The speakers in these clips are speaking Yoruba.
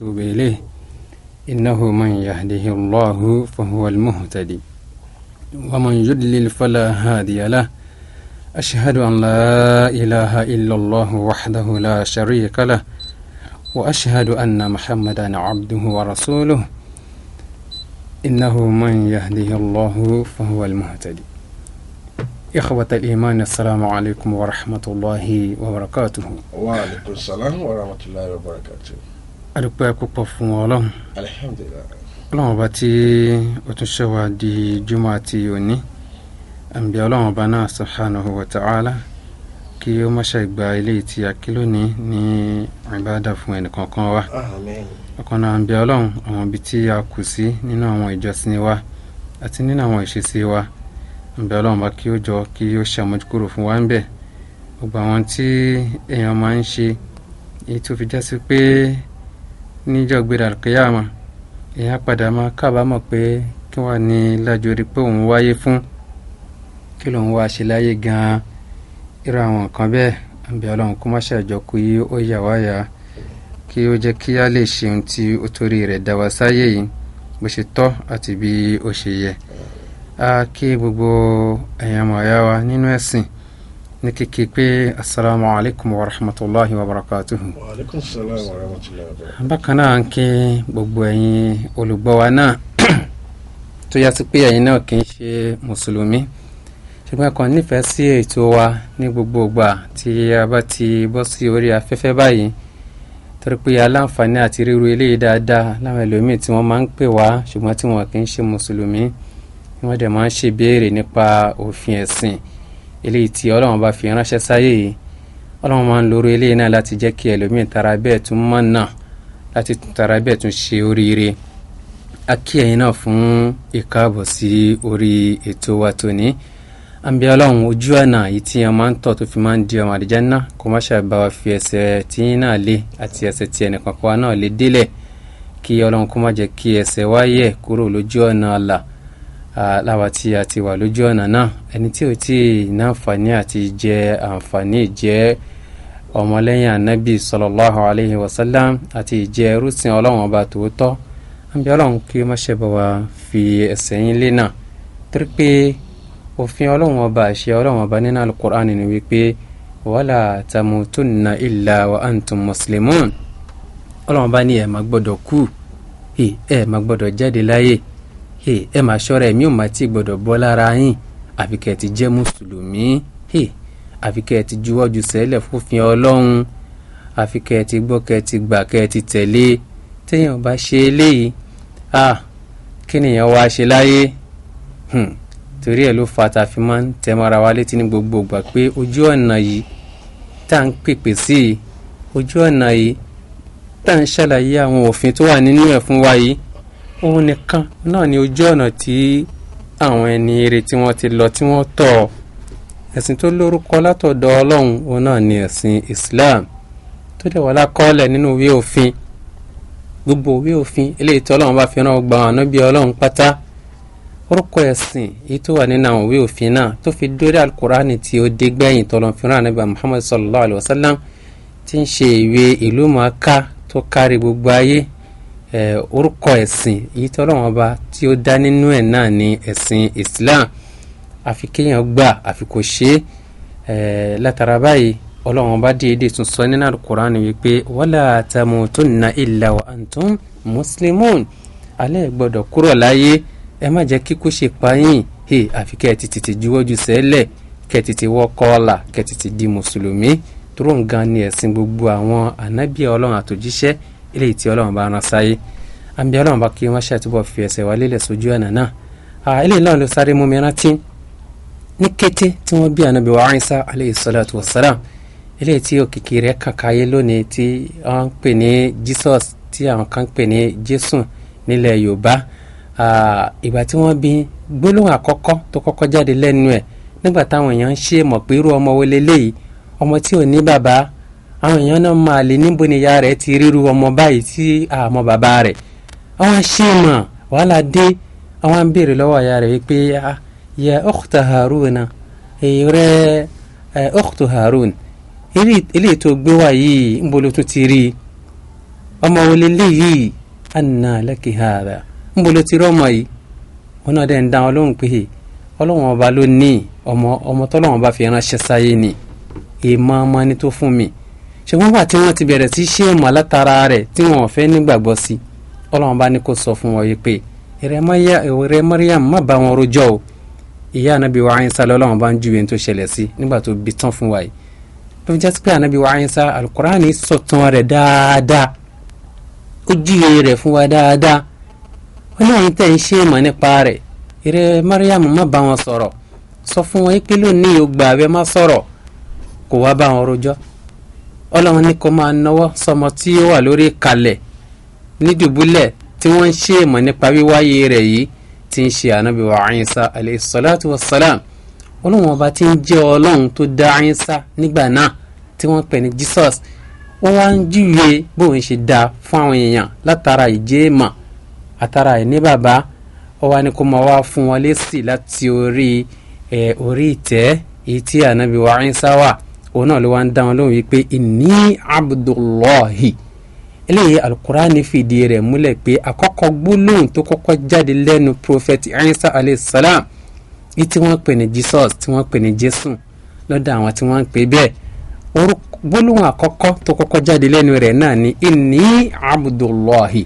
وأتوب إليه إنه من يهده الله فهو المهتدي ومن يضلل فلا هادي له أشهد أن لا إله إلا الله وحده لا شريك له وأشهد أن محمدا عبده ورسوله إنه من يهده الله فهو المهتدي إخوة الإيمان السلام عليكم ورحمة الله وبركاته وعليكم السلام ورحمة الله وبركاته adúpẹ́ púpọ̀ fún ọlọ́run ọlọ́run ọba tí ó tún ṣe wá di jùmọ̀ àti òní àǹbí ọlọ́run ọba náà subhanahu wa ta'ala kí ó má ṣàgbà ilé tí a kí lónìí ní ìbádà fún ẹnìkankan wa ọkàn náà àǹbí ọlọ́run àwọn ibi tí a kù sí nínú àwọn ìjọsìn wa àti nínú àwọn ìṣesí wa àǹbí ọlọ́run ọba kí ó jọ kí ó ṣàmójúkúrò fún wa ń bẹ̀ gbogbo àwọn tí èèyàn máa ń ṣe èyí tó fi jásí pé níjọ́ gbéra kíyàmà èèyàn padà máa kábàámọ̀ pé kí wàá ní lájọrí pé òun wáyé fún kí lòun wá ṣe láyé gan-an irú àwọn nǹkan bẹ́ẹ̀ àbí ọlọ́run kó má ṣàjọ kó yí ó yà wá kí ó jẹ́ kí a lè ṣe tí ó torí rẹ̀ dá wa sáyé yìí bó ṣe tọ́ àti bí ó ṣe yẹ a kí gbogbo ẹ̀yàn mọ̀ọ́yá wa nínú ẹ̀sìn ní kékeré pé asalaamu alaykum wa rahmatulahi wa barakatuhu. wa aleykum salaam wa rahmatulahi wa barakatuhu. bákan náà ń kí gbogbo ẹ̀yin olùgbọ́ wa náà tó yàtọ̀ pé ẹ̀yin náà kì í ṣe mùsùlùmí ṣùgbọ́n ẹ̀kan nífẹ̀ẹ́ sí ètò wa ní gbogbo ìgbà tí a bá ti bọ́ sí orí afẹ́fẹ́ báyìí torí pé aláǹfààní àti ríru eléyìí dáadáa láwọn ẹlòmíì tí wọ́n máa ń pè wá ṣùgbọ́n tí wọ́n kì í ṣe mùsùlùmí wọ́n dẹ̀ máa ń ṣèbéèrè nípa òfin ẹ̀sìn eléyìí tí ọlọ́run bá fi ránṣẹ́ sáyé yìí ọlọ́run máa ń lórí eléyìí náà láti jẹ́ kí ẹlòmíín tara bẹ́ẹ̀ tún mọ̀ náà láti tara bẹ́ẹ̀ tún ṣe oríire a kí ẹ̀yin náà fún ìkáàbọ̀ sí orí ètò wa tòní àbí ọlọ́run ojú ọ̀nà yìí tí a máa ń tọ̀ tó fi máa ń di ọmọ àdìjẹ́nà kó má ṣàbá wa fi ẹsẹ̀ tìyín náà lé àti ẹsẹ̀ tí ẹnìkan kan náà lé délẹ̀ kí ọlọ́run kó má jẹ́ kí ẹsẹ̀ wáyẹ̀ kúrò lójú ọ̀nà Allah láwa tí a ti wà lójú ọ̀nà náà ẹni tí ò tí ì ní àti jẹ àǹfààní ìjẹ́ ọmọlẹ́yìn anabi sallallahu alayhi wa sallam àti ìjẹ́ ẹrúsìn ọlọ́run ọba tòótọ́ àbí ọlọ́run kí ó má ṣe bá wa fi ẹsẹ̀ yín lé náà torí pé òfin ọlọ́run ọba àṣẹ ọlọ́run ọba nínú alukur'an ni wípé wala tamutunna illa wa antum muslimun ọlọ́run ọba ní ẹ̀ má gbọ́dọ̀ kú ẹ̀ má gbọ́dọ̀ jáde láyé ẹ máa ṣọ́ra ẹ̀mí ò máa tí gbọ́dọ̀ bọ́ lára yín àfi kẹ́ ẹ ti jẹ́ mùsùlùmí àfi kẹ́ ẹ ti juwọ́ ju sẹ́lẹ̀ fòfin ọlọ́run àfi kẹ́ ẹ ti gbọ́ kẹ́ ẹ ti gbà kẹ́ ẹ ti tẹ̀lé téèyàn bá ṣe eléyìí ah kí nìyẹn wá ṣe láyé hmm, torí ẹ̀ ló fa ta fi máa ń tẹmọ́ra wa létí ní gbogbo ìgbà pé ojú ọ̀nà yìí tá à ń pèpè sí i ojú ọ̀nà yìí tá à ń ṣàlàyé àwọn òfin tó wà nínú ẹ̀ fún wa yìí òun nìkan náà ni ojú ọ̀nà tí àwọn ẹni eré tí wọ́n ti lọ tí wọ́n tọ̀ ẹ̀sìn tó lórúkọ látọ̀dọ̀ ọlọ́run òun náà ni ẹ̀sìn Islam tó dẹ̀ wà lákọọ́lẹ̀ nínú ìwé òfin gbogbo ìwé òfin eléyìí tí ọlọ́run bá fi rán gba àwọn ànábì ọlọ́run pátá orúkọ ẹ̀sìn èyí tó wà nínú àwọn ìwé òfin náà tó fi dórí alukurani tí ó dé gbẹ̀yìn tọ́lọ́run fi rán ànábì Muhammad sallallahu alayhi wa sallam tí ń ṣe ìwé ìlú mọ̀ọ́ká tó kárí gbogbo ayé Eh, orúkọ ẹ̀sìn èyí tí ọlọ́run ọba tí ó dá nínú ẹ̀ náà ni ẹ̀sìn islam àfi kéèyàn gbà àfi kò ṣe é eh, látara báyìí ọlọ́run ọba déédé tún sọ nínú alukur'an wípé wala tamutunna illa wa antum muslimun alẹ́ gbọ́dọ̀ kúrò láyé ẹ má jẹ́ kíkú ṣe payín àfi kẹ́ ẹ ti tètè juwọ́jú sẹ́lẹ̀ kẹ́ ẹ tètè wọ́ kọ́ọ̀là kẹ́ ẹ tètè di mùsùlùmí tó rò ń gan ni ẹ̀sìn gbogbo àwọn ànábìà ọlọ́run àtòjíṣẹ́ eléyìí tí ọlọ́run bá rán sáyé àmì ọlọ́run bá kí wọ́n ṣàtúbọ̀ fi ẹsẹ̀ wa lélẹ̀ sójú ọ̀nà náà eléyìí náà ló sáré mú mi rántí ní kété tí wọ́n bí ànábì wa Ìsá aleyhi salatu wa salam eléyìí tí òkìkí rẹ̀ kàkáyé lónìí tí wọ́n ń pè ní Jesus tí àwọn kan ń pè ní Jésù nílẹ̀ Yorùbá ìgbà tí wọ́n bí gbólóhùn àkọ́kọ́ tó kọ́kọ́ jáde lẹ́nu ẹ̀ nígbà táwọn èèyàn ń ṣe mọ̀ pé irú ọmọ wo leléyìí ọmọ tí ò ní bàbá àwọn èèyàn náà máa lè níbo ni ìyá rẹ̀ ti ríru ọmọ báyìí tí àmọ́ bàbá rẹ̀ àwọn aṣèmọ̀ wàhálà dé àwọn béèrè lọ́wọ́ ìyá rẹ̀ wípé ah, ya ukhta Haruna èyí rẹ̀ ukhtu Harun eléyìí tó gbé wá yìí ń bolo tó ti rí ọmọ wọlé léyìí anna laki hada ń bolo ti rí ọmọ yìí wọn náà dẹ̀ ń dáhùn lóhùn pé ọlọ́wọ́n ọba ló ní ọmọ ọmọ tọ́lọ́wọ́n ọba fi ránṣẹ́ sáyé ni èèmọ̀ ọmọ ni tó fún mi ṣùgbọ́n wà tí wọ́n ti bẹ̀rẹ̀ sí ṣé mọ̀ látara rẹ̀ tí wọ́n fẹ́ nígbàgbọ́ sí ọlọ́run bá ní kó sọ fún wọn yìí pé ìrẹ́ Maryam má bá wọn rojọ́ o ìyá anabi wa ayinsa lọ́lọ́run bá ń ju ìyẹn tó ṣẹlẹ̀ sí nígbà tó bi tán fún wa yìí ló ń jẹ́ pé anabi wa ayinsa alukurani sọ̀tàn rẹ̀ dáadáa ó júwe rẹ̀ fún wa dáadáa wọ́n ní àyíntẹ́ ń ṣe mọ̀ nípa rẹ̀ ìrẹ́ Maryam má bá wọn sọ̀rọ̀ sọ fún wọn yìí pé lónìí ó gbà abẹ́ má sọ̀rọ̀ kò wá bá wọn rojọ́ ọlọ́run ní kó máa náwó sọmọ tí ó wà lórí kalẹ̀ nídùbúlẹ̀ tí wọ́n ń ṣe èmọ̀ nípa wíwáyé rẹ̀ yìí tí ń ṣe ànábì wa Ìsá alayhi salatu wa salam ọlọ́run ọba tí ń jẹ́ ọlọ́run tó dá Ìsá nígbà náà tí wọ́n pè ní Jesus wọ́n wá ń júwe bóun ṣe dáa fún àwọn èèyàn látara ìjẹ́ èmọ̀ àtara ẹ̀ bàbá ó wá ní kó máa wá fún wọn lésì láti orí ìtẹ́ èyí tí ànábì wa Ìsá wà òun náà ló wá ń dá wọn lóhùn wípé inni abdullahi eléyìí alukurani fìdí rẹ̀ múlẹ̀ pé àkọ́kọ́ gbólóhùn tó kọ́kọ́ jáde lẹ́nu prophet isa alayhisalam ní tí wọ́n pè ní jesus tí wọ́n pè ní jésù lọ́dọ̀ àwọn tí wọ́n ń pè bẹ́ẹ̀ gbólóhùn àkọ́kọ́ tó kọ́kọ́ jáde lẹ́nu rẹ̀ náà ni inni abdullahi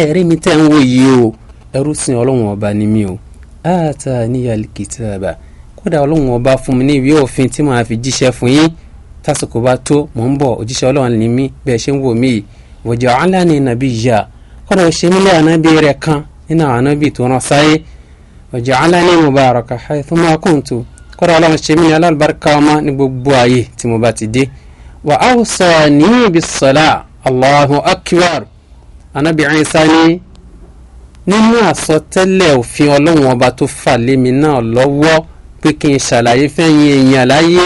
ẹ̀rí mi tẹ́ ń wò yìí o ẹrú sin ọlọ́run ọba ni mi o àtàníyàl kìtàbà kódà ọlọ́run ọba fún mi ní ìwé òfin tí màá fi jíṣẹ́ fún yín tásìkò bá tó mò ń bọ̀ òjíṣẹ́ ọlọ́run ní mí bẹ́ẹ̀ ṣe ń wò mí yìí wòjọ́ aláàánú nàbí yà kódà ó ṣe mí lé ànábì rẹ̀ kan nínú àwọn ànábì tó rán sáyé wòjọ́ aláàánú mubaraka haythu ma kuntu kódà ọlọ́run ṣe mí ní alábàárikà ọmọ ní gbogbo ààyè tí mo bá ti dé nínú àsọtẹ́lẹ̀ òfin ọlọ́run ọba tó fà lémi náà lọ́wọ́ pé kí n ṣàlàyé fẹ́yìn èèyàn láyé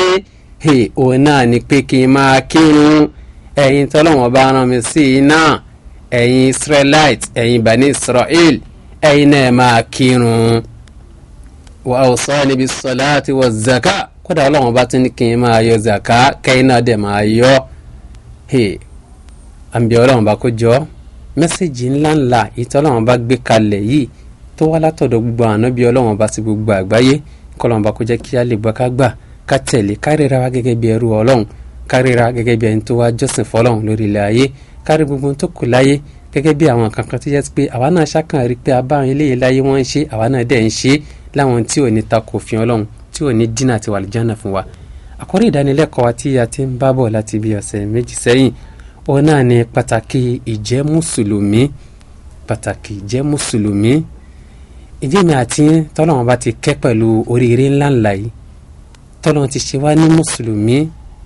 òun náà ni pé kí n máa kírun ẹ̀yin tọ́lọ́wọ́n bá rán mi sí iná ẹ̀yin israelite ẹ̀yin bani israel ẹ̀yin náà máa kírun wà ó sọ níbi sọlá àti wọ zaka kódà ọlọ́wọ́n bá tún ní kí n máa yọ zaka kẹ́yìn náà dẹ̀ máa yọ àǹbí ọlọ́wọ́n bá kó jọ mẹ́sẹ̀gì ńláńlá ìtọ́lọ́wọ́n bá gbé kalẹ̀ yìí tó wá látọ̀dọ̀ gbogbo ànábì ọlọ́wọ́n bá ti gbogbo àgbáyé kọlọmọba kó jẹ́ kí a lè gbọ́ ká gbà ká tẹ̀lé ká ríra wa gẹ́gẹ́ bí ẹrú ọlọ́run ká ríra gẹ́gẹ́ bí ẹni tó wá jọ́sìn fọlọ́run lórí ilẹ̀ ayé ká rí gbogbo tó kù láyé gẹ́gẹ́ bí àwọn kankan tó yẹ pé àwa náà ṣàkàn rí pé abáwọn eléyìí láyé wọ́n ń ṣe àwa náà dẹ̀ ń ṣe láwọn tí ò ní takò fi ọlọ́run tí ò ní dínà àti wàlìjánà fún wa. àkórí ìdánilẹ́kọ̀ọ́ pàtàkì ìjẹ́ mùsùlùmí pàtàkì ìjẹ́ mùsùlùmí ìjẹ́ mi àti tọ́lọ́wọ́n bá ti kẹ́ pẹ̀lú oríire ńláńlá yìí tọ́lọ́wọ́n ti ṣe wá ní mùsùlùmí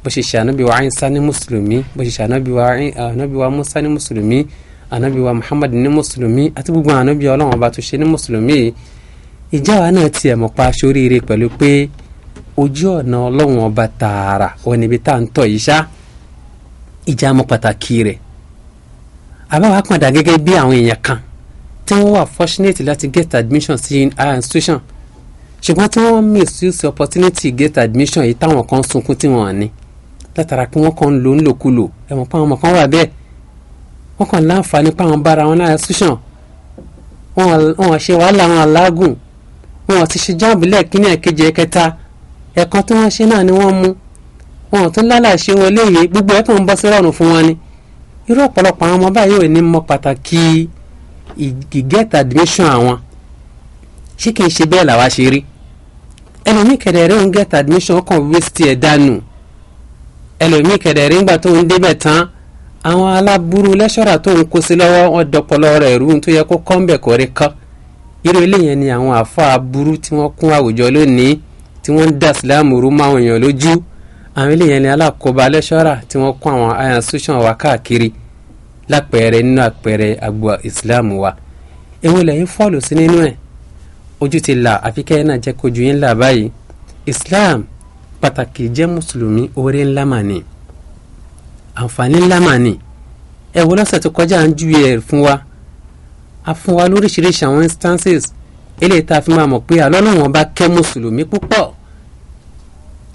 bó ṣe ṣe ànábì wa ní mùsùlùmí bó ṣe ṣe ànábì wa ní mùsùlùmí ànábì Muhammad ní mùsùlùmí àti gbogbo ànábì ọlọ́wọ́n bá tó ṣe ní mùsùlùmí ìjà wa náà tiẹ̀ mọ̀ pa sóríire pẹ̀lú pé ojú ọ̀nà ọlọ́wọ́n ọba tààrà wọn níbi tá à ń tọ̀ yìí ṣá ìjà mọ̀ pàtàkì rẹ̀ àbáwá pàdà gẹ́gẹ́ bí àwọn èèyàn kan tí wọ́n wà fortunate láti get admission sí our institution ṣùgbọ́n tí wọ́n misuse opportunity get admission yìí táwọn kan sunkún tí wọ́n ní látara pé wọ́n kàn ń lò ń lòkulò ẹ̀wọ̀n pa àwọn ọmọ kan wà bẹ́ẹ̀ wọ́n kàn láǹfààní pa àwọn bára wọn lára ṣùṣàn wọ́n ṣe wàhálà wọn alágùn wọ́n ti ṣe jáàbù lẹ́ẹ̀kínní ẹ̀kejì ẹ̀kẹta ẹ̀kan tí wọ́n ṣe náà ni wọ́n mú wọ́n tún lálàṣe wọn léyìí gbogbo ẹ̀ ń bọ́ sí rọrùn fún wọn ni irú ọ̀pọ̀lọpọ̀ àwọn ọmọ báyìí ò ní mọ pàtàkì you get admission àwọn ṣé kìí ṣe bẹ́ẹ̀ làwa ṣe rí ẹlòmíì kẹ̀dẹ̀rẹ́ ń get admission ọkàn waste ẹ̀ dànù ẹlòmíì kẹ̀dẹ̀rẹ́ ńgbà tó ń débẹ̀ tán àwọn aláburú lẹ́ṣọ́ra tó ń kó sí lọ́wọ́ wọn dọpọlọ rẹ̀ rú tó yẹ kó kọ́ńbẹ̀ kó rí kán irú eléyẹn ni àwọn àfa aburú tí wọ́n kún àwùjọ lónìí tí wọ́n ń dà síláàmù rú máwọn èèyàn lójú àwọn eléyẹn ni alákòóbá lẹ́ṣọ́ra tí wọ́n kún àwọn àyànsúṣàn wá káàkiri lápẹẹrẹ nínú àpẹẹrẹ agbo islam wa èwo lẹ́yìn fọ́ọ̀lù sí nínú ẹ̀ ojú ti là àfikẹ́ náà jẹ́ kojú yín là báyìí islam pàtàkì jẹ́ mùsùlùmí oore ńlá mà ní àǹfààní ńlá mà ní ẹ̀wọ́ lọ́sẹ̀ tó kọjá ń ju ẹ̀ fún wa a fún wa lóríṣiríṣi àwọn instances eléyìí tá a fi máa mọ̀ pé alọ́lọ́wọ́n bá kẹ́ mùsùlùmí púpọ̀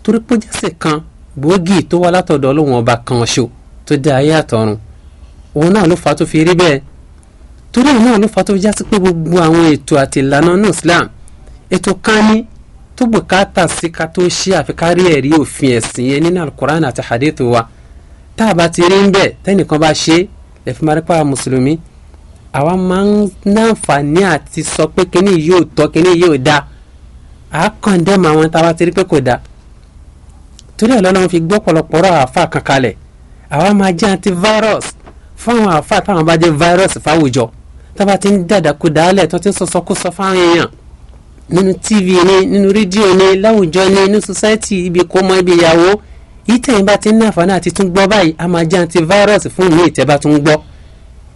torí pé jẹ́sẹ̀ kan gbòógì tó wá látọ̀dọ̀ ọlọ́wọ́n ọba kan ṣo tó dá ayé àtọ̀run òun náà ló fa tó fi rí bẹ́ẹ̀ torí òun náà ló fa tó já sí pé gbogbo àwọn ètò àti ìlànà ní Islam ètò kan ní tó bùkátà sí ká tó ṣe àfikárí ẹ̀rí òfin ẹ̀sìn yẹn nínú alukur'an àti hadith wa tá a bá ti rí ń bẹ̀ tẹ́nìkan bá ṣe lẹ́fí máa rí mùsùlùmí àwa máa ń náǹfààní àti sọ pé kíní yóò tọ́ kíní yóò da à àwọn tá a bá ti rí pé kò da torí ẹ̀ lọ́nà fi gbọ́ pọ̀lọpọ̀rọ̀ àáfà kankalẹ̀ àwa máa jẹ́ antivirus fáwọn àáfàá táwọn bá jẹ́ fáírọ́ọ̀sì fáwùjọ tábà ti ń dàdàkú dálẹ̀ tó ti ń sọsọkúsọ fáwọn èèyàn nínú tv ni nínú rédíò ni láwùjọ ni nínú sọsáìtì ibi kọ́mọ ibi ìyàwó yìí tẹ̀yìn bá ti ń náfààní àti tún gbọ́ báyìí a máa jẹ́ antivirus fún ìmí ìtẹ́bá tún gbọ́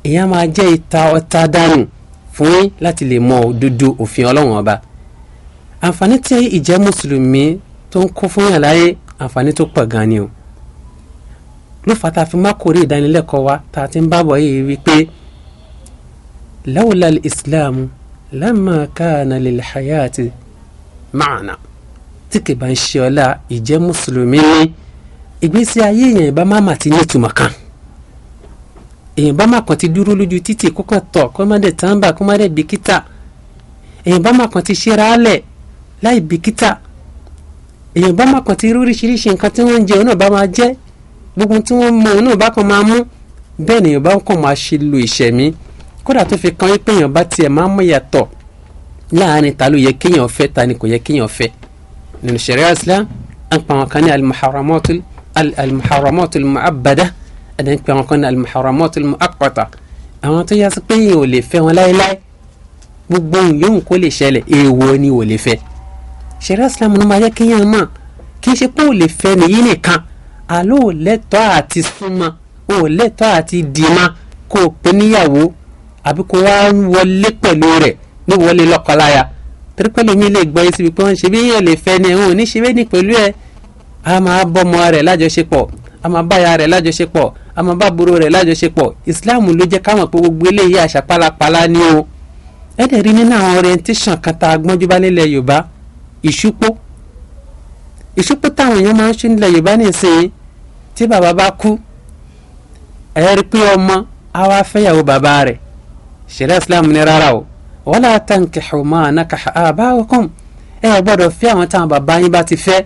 èyí á máa jẹ́ ìta ọta dànù fún yín láti lè mọ òdodo òfin ọlọ́run ọba àǹfààní tí ìjẹ́ mùsùlùmí tó ń kó fún yàn láyé àǹfààní tó pọ̀ gan ni o ló fà tá a fi má kórè ìdánilẹ́kọ̀ọ́ wa tá a ti ń bábọ̀ yìí wípé lawla al-islam lamma kana lil hayati maana tí kì bá ń ṣe ọlá ìjẹ́ mùsùlùmí ní ìgbésí ayé èèyàn ìbá má mà ti ní ìtumọ̀ kan èèyàn bá má kàn ti dúró lójú títì kó tọ̀ kó tàǹbà kó bìkítà èèyàn bá má kàn ti ṣe raálẹ̀ láì bìkítà èèyàn bá má kàn ti rí oríṣiríṣi nǹkan tí wọ́n ń jẹ òun náà bá máa jẹ́ gbogbo tí wọ́n mọ òun náà bá kàn máa mú bẹ́ẹ̀ nìyẹn bá kàn máa ṣe lo ìṣẹ̀mí kódà tó fi kan pé èèyàn bá máa mú yàtọ̀ láàrin ta ló yẹ kéèyàn fẹ́ ta ni kò yẹ kéèyàn fẹ́ nínú sẹ̀ríà Islam à ń pa àwọn kan ní alimuharamatul alimuharamatul mu'abbada à ń pa àwọn kan ní alimuharamatul mu'aqqata àwọn tó yá sí pé èèyàn ò lè fẹ́ wọn láéláé gbogbo yòówù kó lè ṣẹlẹ̀ èèwọ̀ ni ò lè fẹ́ sẹ̀ríà Islam ló máa yẹ kéèyàn mọ̀ kí n ṣe pé ò lè fẹ́ nìyí nìkan àlọ́ ò lẹ́tọ́ àti súnmọ́ ò lẹ́tọ́ àti dìímọ́ kó o pè níyàwó àbí kó wá wọlé pẹ̀lú rẹ̀ ní wọlé lọ́kọláya torí pẹ̀lú mi lè gbọ́ yín síbi pé wọ́n ṣe bí yẹn lè fẹ́ ni òun ò ní ṣe bẹ́ẹ̀ ni pẹ̀lú ẹ̀ a máa bọ́mọ rẹ̀ lájọṣepọ̀ a máa báya rẹ̀ lájọṣepọ̀ a máa bá búrò rẹ̀ lájọṣepọ̀ ìsìláàmù ló jẹ́ káwọn pé gbogbo eléyìí àṣà pálapàla ni o ẹ̀ẹ́dẹ̀ rí nínú àwọn orientation kan tá a gbọ́njú bá nílẹ̀ yorùbá ìṣúpó ìṣípò táwọn èèyàn máa ń ṣe nílẹ̀ yorùbá nìsín tí bàbá bá kú ẹ̀rí pé ọmọ á wá fẹ́yàwó bàbá rẹ̀ ṣẹlẹ̀ islam ní rárá o wala tankihu ma nakaha aba'ukum ẹ ò gbọ́dọ̀ fẹ́ àwọn táwọn bàbá yín bá ti fẹ́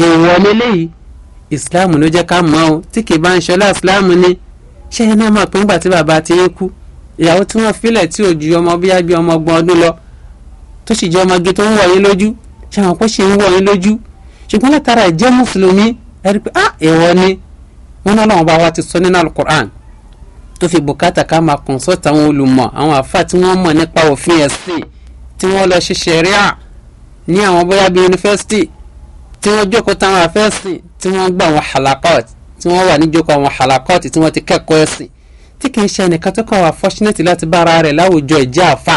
èèwọ̀ lélẹ́yìí islam ló jẹ́ ká mọ̀ ọ́ tí kì í bá ń ṣọlá islam ni ṣé ẹ náà máa pé ńgbà tí bàbá ti yín kú ìyàwó tí wọ́n filẹ̀ tí ò ju ọmọ bíyá bí ọmọ ọgbọ̀n ọdún lọ tó sì jẹ́ ọmọge tó ń wọ̀ lójú ṣé àwọn kó ṣe ń wọ̀ lójú ṣùgbọ́n látara ìjẹ́ mùsùlùmí ẹ pé ah èèwọ̀ ni wọn náà làwọn bá wa ti sọ nínú alukur'an tó fi bùkátà ká máa consult àwọn olùmọ̀ àwọn àfa tí wọ́n mọ̀ nípa òfin ẹ̀sìn tí wọ́n lọ ṣe ṣẹ̀ríà ní àwọn bóyá bíi yunifásitì tí wọ́n jókòó táwọn àfẹ́sìn tí wọ́n gbà àwọn halakọ́ọ̀tì tí wọ́n wà níjókòó àwọn halakọ́ọ̀tì tí wọ́n ti kẹ́kọ̀ọ́ ẹ̀sìn tí kì í ṣe ẹnìkan tó kàn wá fortunate láti bára rẹ̀ láwùjọ ìjẹ́ àfà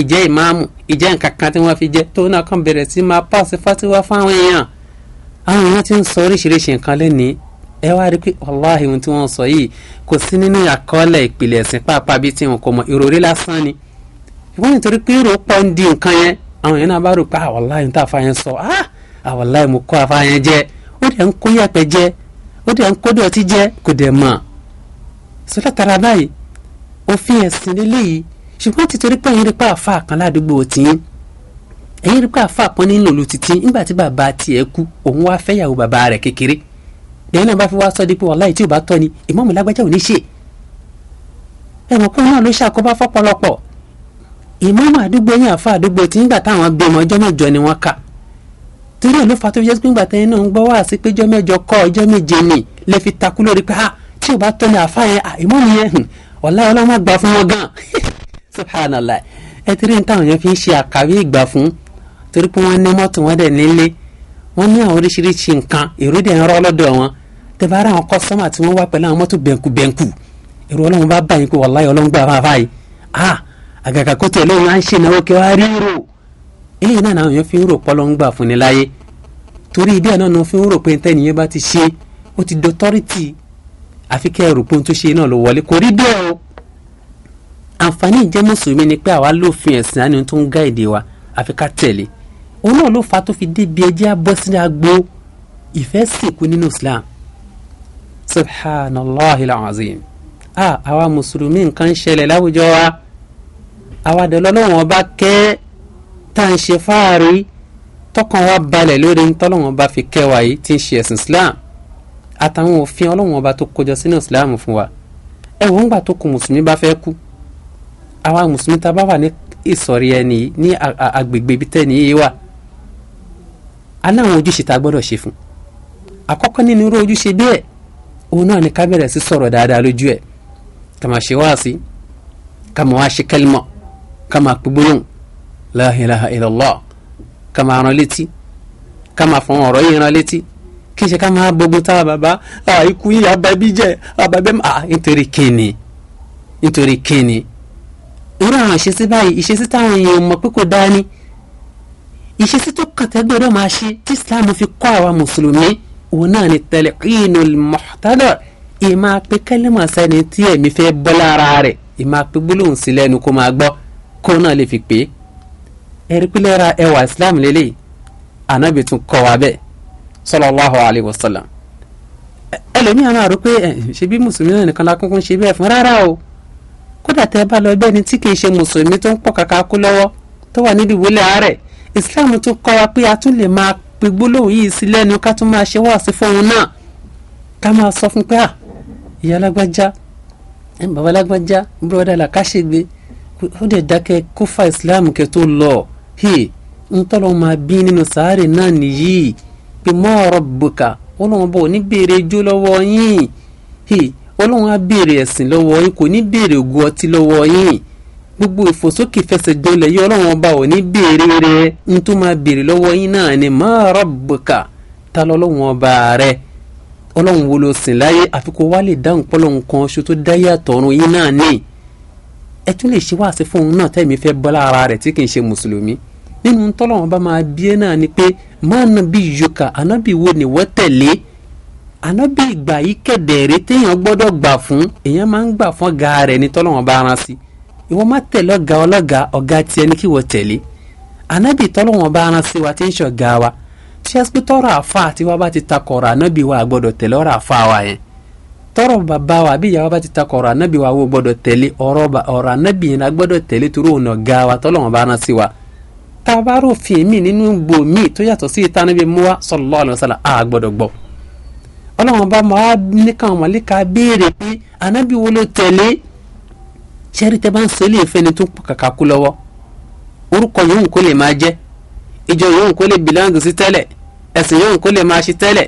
ìjẹ́ ìmáàmù ìjẹ́ nǹkan kan tí wọ́n fi jẹ́ tó náà kàn bẹ̀rẹ̀ sí máa pàṣẹ fátíwá fáwọn èèyàn àwọn èèyàn ti ń sọ oríṣiríṣi nǹkan lẹ́nìí ẹ wá rí pé wàláhì ohun tí wọ́n sọ yìí kò sí nínú àkọọ́lẹ̀ ìpìlẹ̀ ẹ̀sìn pàápàá bíi tí wọn kò mọ ìròrí lásán ni ìwọ́n nítorí pé ìrò pọ̀ ń di nǹkan yẹn àwọn èèyàn náà bá rò pé ah, àwọ̀láhì ń tà fáyẹn sọ ah, ah, àwọ̀láhì mo kó afáyẹn jẹ ó dẹ̀ ń kó yàpẹ̀ jẹ ó dẹ̀ ń kó dọ̀tí jẹ kò dẹ̀ mọ̀ sọlátara báyìí òfin ẹ̀sìn ẹ̀yin rí pé àfa àpọ́n nínú òlu títí nígbà tí bàbá tiẹ̀ kú òun wá fẹ́yàwó bàbá rẹ̀ kékeré bẹ́ẹ̀ náà bá fi wá sọ dípò wàláì tí ò bá tọ́ ni ìmọ̀ọ́mù lágbájá ò ní ṣe ẹ̀wọ̀n kó náà ló ṣàkóbá fọ́pọ̀lọpọ̀ ìmọ̀ọ́mù àdúgbò yín àfa àdúgbò tí nígbà táwọn bímọ ọjọ́ mẹ́jọ ni wọ́n kà torí ẹ̀ ló fa tó fi jẹ́ pé nígbà tẹ́yìn náà ń gbọ́ wá sí pé ọjọ́ mẹ́jọ kọ́ ọjọ́ méje ni lè fi takú lórí pé tí ò bá tọ́ ni àfa yẹn ìmọ̀ọ́mù yẹn ọ̀la ọlọ́mọ gbà fún wọn gan subhanallah ẹ ti rí ní táwọn yẹn fi ń ṣe àkàwé ìgbà fún torí pé wọ́n ní mọ́tò wọ́n dẹ̀ nílé wọ́n ní àwọn oríṣiríṣi nǹkan èrò dẹ̀ ń rọ́ lọ́dọ̀ wọn tẹ́fà ara àwọn kọ́sọ́mà tí wọ́n wá pẹ̀lú àwọn mọ́tò bẹ̀ǹkùbẹ̀ǹkù èrò ọlọ́run bá bá yín pé wàláyé ọlọ́run gbà máa báyìí ah àgàgà kó tẹ̀ lóun á ń ṣe náwó kí wàá rí rò eléyìí náà làwọn èèyàn fi ń rò pọ́ lọ́n gbà fún ni láyé torí ibi àná náà fi ń rò pé tẹ́niyẹn bá ti ṣe ó ti dọ́tọ́rìtì àfi kẹ́ ẹ̀rù pé ohun tó ṣe náà ló wọlé àǹfààní ìjẹ́ mùsùlùmí ni pé àwa lófin ẹ̀sìn àni tó ń gáìdì wa àfi ká tẹ̀lé òun náà ló fa tó fi débi ẹjẹ́ abọ́ sínú agbo ìfẹ́ sìnkú nínú islam subhanallahi alazim ah àwa mùsùlùmí nǹkan ń ṣẹlẹ̀ láwùjọ wa àwa dẹ̀lọ́ lọ́wọ́n bá kẹ́ tá à ń ṣe fáàrí tọkàn wa balẹ̀ lórí ntọ́lọ́wọ́n bá fi kẹ́ wa yìí tí ń ṣe ẹ̀sìn islam àtàwọn òfin ọlọ́wọ́n ọba tó kójọ sínú islam fún wa ẹ wọ́n gbà tó kù mùsùlùmí bá fẹ́ kú àwa mùsùlùmí ta bá wà ní ìsọ̀rí ẹni ní agbègbè ibi tẹ́ni yìí wà aláwọn ojúṣe tá a gbọ́dọ̀ ṣe fún àkọ́kọ́ nínú irú ojúṣe bẹ́ẹ̀ òun náà ni ká bẹ̀rẹ̀ sí sọ̀rọ̀ dáadáa lójú ẹ̀ ká máa ṣe wáàsí ká máa wá ṣe kẹ́límọ̀ ká máa gbólóhùn la ilaha illallah ká máa rán létí ká máa fọwọ́n ọ̀rọ̀ yìí rán létí kí n ṣe ká máa gbógun táwa bàbá ikú yìí àbábí jẹ àbábẹ́ à nítorí kíni nítorí kíni irú àwọn ìṣesí báyìí ìṣesí táwọn èèyàn mọ̀ pé kò dáa ni ìṣesí tó kàn tẹ́ gbọ́dọ̀ máa ṣe tí islam fi kọ́ àwa mùsùlùmí òun náà ni talqinul muhtadar ìmáa pé kẹ́lẹ́mà sẹ́ni tí ẹ̀mí fẹ́ bọ́ lára rẹ̀ ìmáa pé gbólóhùn sí lẹ́nu kó máa gbọ́ kó náà lè fi pé ẹ̀rí pílẹ̀ ra ẹwà islam lélẹ̀ ànábì tún kọ́ wa bẹ́ẹ̀ sallallahu alayhi wa sallam ẹlòmíì àwọn àrò pé ṣe bí mùsùlùmí náà nìkan lákúnkún ṣe bẹ́ẹ̀ fún rárá o kódà tẹ́ bá lọ bẹ́ẹ̀ ni tí kì ṣe mùsùlùmí tó ń pọ̀ kàkà kú lọ́wọ́ tó wà nídìí wọlé àárẹ̀ islam tún kọ́ wa pé a tún lè máa pe gbólóhùn yìí sí lẹ́nu ká tún máa ṣe wáàsí fóun náà ká máa sọ fún pé à ìyá alágbájá bàbá alágbájá búrọ́dà là ká ṣègbè ó dẹ̀ dákẹ́ kó fa islam kẹ́ tó lọ ń tọ́lọ́ máa bí nínú sàárè náà nìyí pé mọ́ ọ̀rọ̀ bùkà ọlọ́run bọ̀ ní béèrè ijó lọ́wọ́ yín ọlọ́run á béèrè ẹ̀sìn lọ́wọ́ yín kò ní béèrè ògùn ọtí lọ́wọ́ yín gbogbo ìfòsókè ìfẹsẹ̀jọlẹ̀ yìí ọlọ́run ọba ò ní béèrè rẹ̀ n tó máa béèrè lọ́wọ́ yín náà ni ma rabbuka ta lọ́lọ́run ọba rẹ̀ ọlọ́run wo ló sìn láyé àfikún wa lè dáhùn pọ́lọ́run kan ṣo tó dá yàtọ̀ ọ̀run yín náà ni ẹ tún lè ṣe wáàsí fún òun náà tẹ́mi fẹ́ bọ́ lára rẹ̀ tí kì í ṣe mùsùlùmí nínú tọ́lọ́wọ́n bá máa bí ẹ náà ni pé máa nà bí yòókà ànábì wo ni wọ́n tẹ̀lé ànábì ìgbà yìí kẹ̀dẹ̀ẹ̀rẹ́ téèyàn gbọ́dọ̀ gbà fún èèyàn máa ń gbà fún ọ̀gá rẹ̀ ní tọ́lọ́wọ́n bá rán sí i ìwọ má tẹ̀lé ọ̀gá ọlọ́gá ọ̀gá tiẹ̀ ní kí wọ́n tẹ̀lé ànábì tọ́lọ́wọ́n bá rán sí wa tí ń ṣe ọ̀gá wa tí a pé tọ́rọ̀ àfa àti wa bá ti takọ̀rọ̀ ànábì wa gbọ́dọ̀ tẹ̀lé ọ̀rọ̀ àfa wa yẹn tọ́rọ̀ bàbá wa àbí ìyá wa bá ti takọ̀rọ̀ ànábì wa wo gbọ́dọ̀ tẹ̀lé ọ̀rọ̀ ànábì yẹn la tẹ̀lé torí òun ọ̀gá wa tọ́lọ́wọ́n bá rán sí wa tá a bá rófin mi nínú gbò mí tó yàtọ̀ sí ìta níbi mú wa sallallahu alaihi sẹ́rí tẹ́ bá ń sọ eléyìí fẹ́ni tó kàkà kú lọ́wọ́ orúkọ yòówù kó lè máa jẹ́ ìjọ yòówù kó lè bìlọ́ǹgì sí tẹ́lẹ̀ ẹ̀sìn yòówù kó lè máa ṣe tẹ́lẹ̀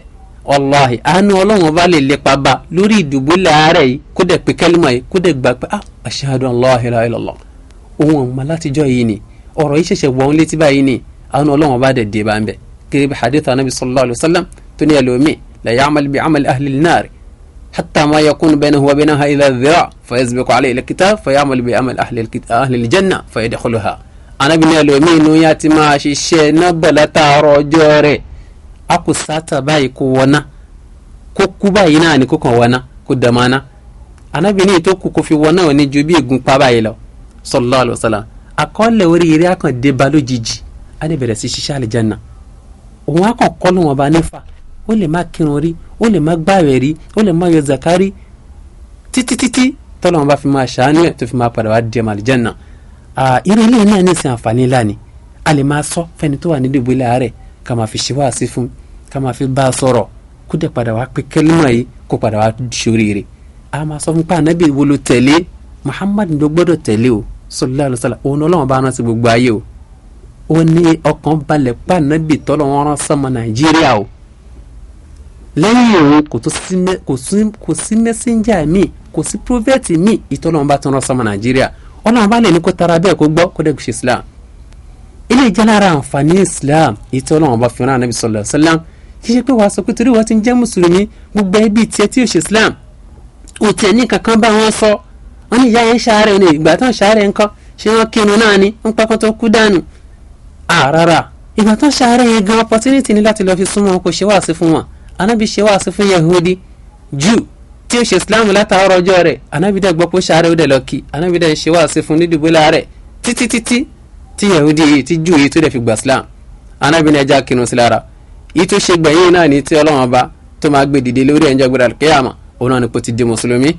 ọlọ́ọ̀hì àánú ọlọ́run ọba lè lépa bá lórí ìdùgbò láàárẹ̀ yìí kó dẹ̀ pé kẹ́límà yìí kó dẹ̀ gbà pé ah ashhadu an la ilaha illallah òun ọ̀ma látijọ́ yìí ni ọ̀rọ̀ yìí ṣẹ̀ṣẹ̀ wọ́n létí báyìí ni àánú ọlọ́run ọba dẹ̀ dé bá ń bẹ̀ kiri bí hadith anabi sallallahu alayhi wa sallam tó ní ẹlòmíì la ya'mal bi 'amal ahli an حتى ما يكون بينه وبينها إلى الذراع فيسبق عليه الكتاب فيعمل بعمل أهل, أهل الجنة فيدخلها أنا بني اليمين ياتي ما شيشي بلا تارو جوري أكو ساتا باي كونا كوكو باي ناني كوكو ونا كدمانا أنا بني توكو كوفي ونا ونجوبي قنقا باي لو صلى الله عليه وسلم akọọlẹ oríire akàn dé balójijì á lè bẹ̀rẹ̀ sí ṣiṣẹ́ àlìjánà òun akàn kọ́ lóun ó lè má kírun rí ó lè má gbààwẹ̀ rí ó lè má yọ zakari títí títí tọ́lọ́wọ́n bá fi máa ṣàánú ẹ̀ tó fi máa padà wá di ọmọ àlùjánnà irú ilé náà ní ìsìn àǹfààní ńlá ni a lè máa sọ fẹ́ni tó wà nínú ìbò ilé àárẹ̀ ká máa fi ṣe wáàsí fún ká máa fi bá a sọ̀rọ̀ kó dẹ̀ padà wá pé kẹ́límà yìí kó padà wá ṣoríire a máa sọ fún pa ànábì wo ló tẹ̀lé Muhammad ló gbọ́dọ̀ tẹ̀lé o sallallahu alaihi wasallam òun ọlọ́wọ́n bá rán sí gbogbo ayé o ó ní ọkàn balẹ̀ pa ànábì tọ́lọ́wọ́n rán sọmọ Nàìjíríà o lẹ́yìn òun kò sí mẹ́sẹ́ńjà míì kò sí prófẹ́tì mi ìtọ́nà bá tán lọ sọmọ nàìjíríà ọlọ́run bá lè ní kó tara bẹ́ẹ̀ kó gbọ́ kó dẹ̀ kó ṣe islam ilé ìjálára àǹfààní islam ìtọ́nà ọba fìràn anabi sallallahu alaihi wasallam ṣíṣe pé wàá sọ pé torí wàá ti ń jẹ́ mùsùlùmí gbogbo ẹbí tiẹ̀ tí ò ṣe islam ò tiẹ̀ ní kankan bá wọn sọ wọn ní ìyá yẹn ṣàárẹ̀ ní ìgbà tán ṣàárẹ̀ ńkọ́ ṣé wọn kírun náà ni ń pẹ́ tó kú dànù àràrà ìgbà tán ṣàárẹ̀ yẹn gan opportunity ni láti lọ fi súnmọ́ kó ṣe wàásí fún wọn anábì ṣe wàásù fún yahudi jù tí ó ṣe islam látàárọ̀ ọjọ́ rẹ̀ anábì dẹ̀ gbọ́ pé sáré ó dẹ̀ lọ kí anábì dẹ̀ ṣe wàásù fún nídìbò láàrẹ̀ títí títí tí yahudi yìí tí jù yìí tó dẹ̀ fi gbà islam anábì ní ẹja kinu sí lára yìí tó ṣe gbẹ̀yìn náà ní tí ọlọ́wọ́n bá tó máa gbé dìde lórí ẹ̀ńjọ́ gbéra kéyàmà òun náà ni kò ti di mùsùlùmí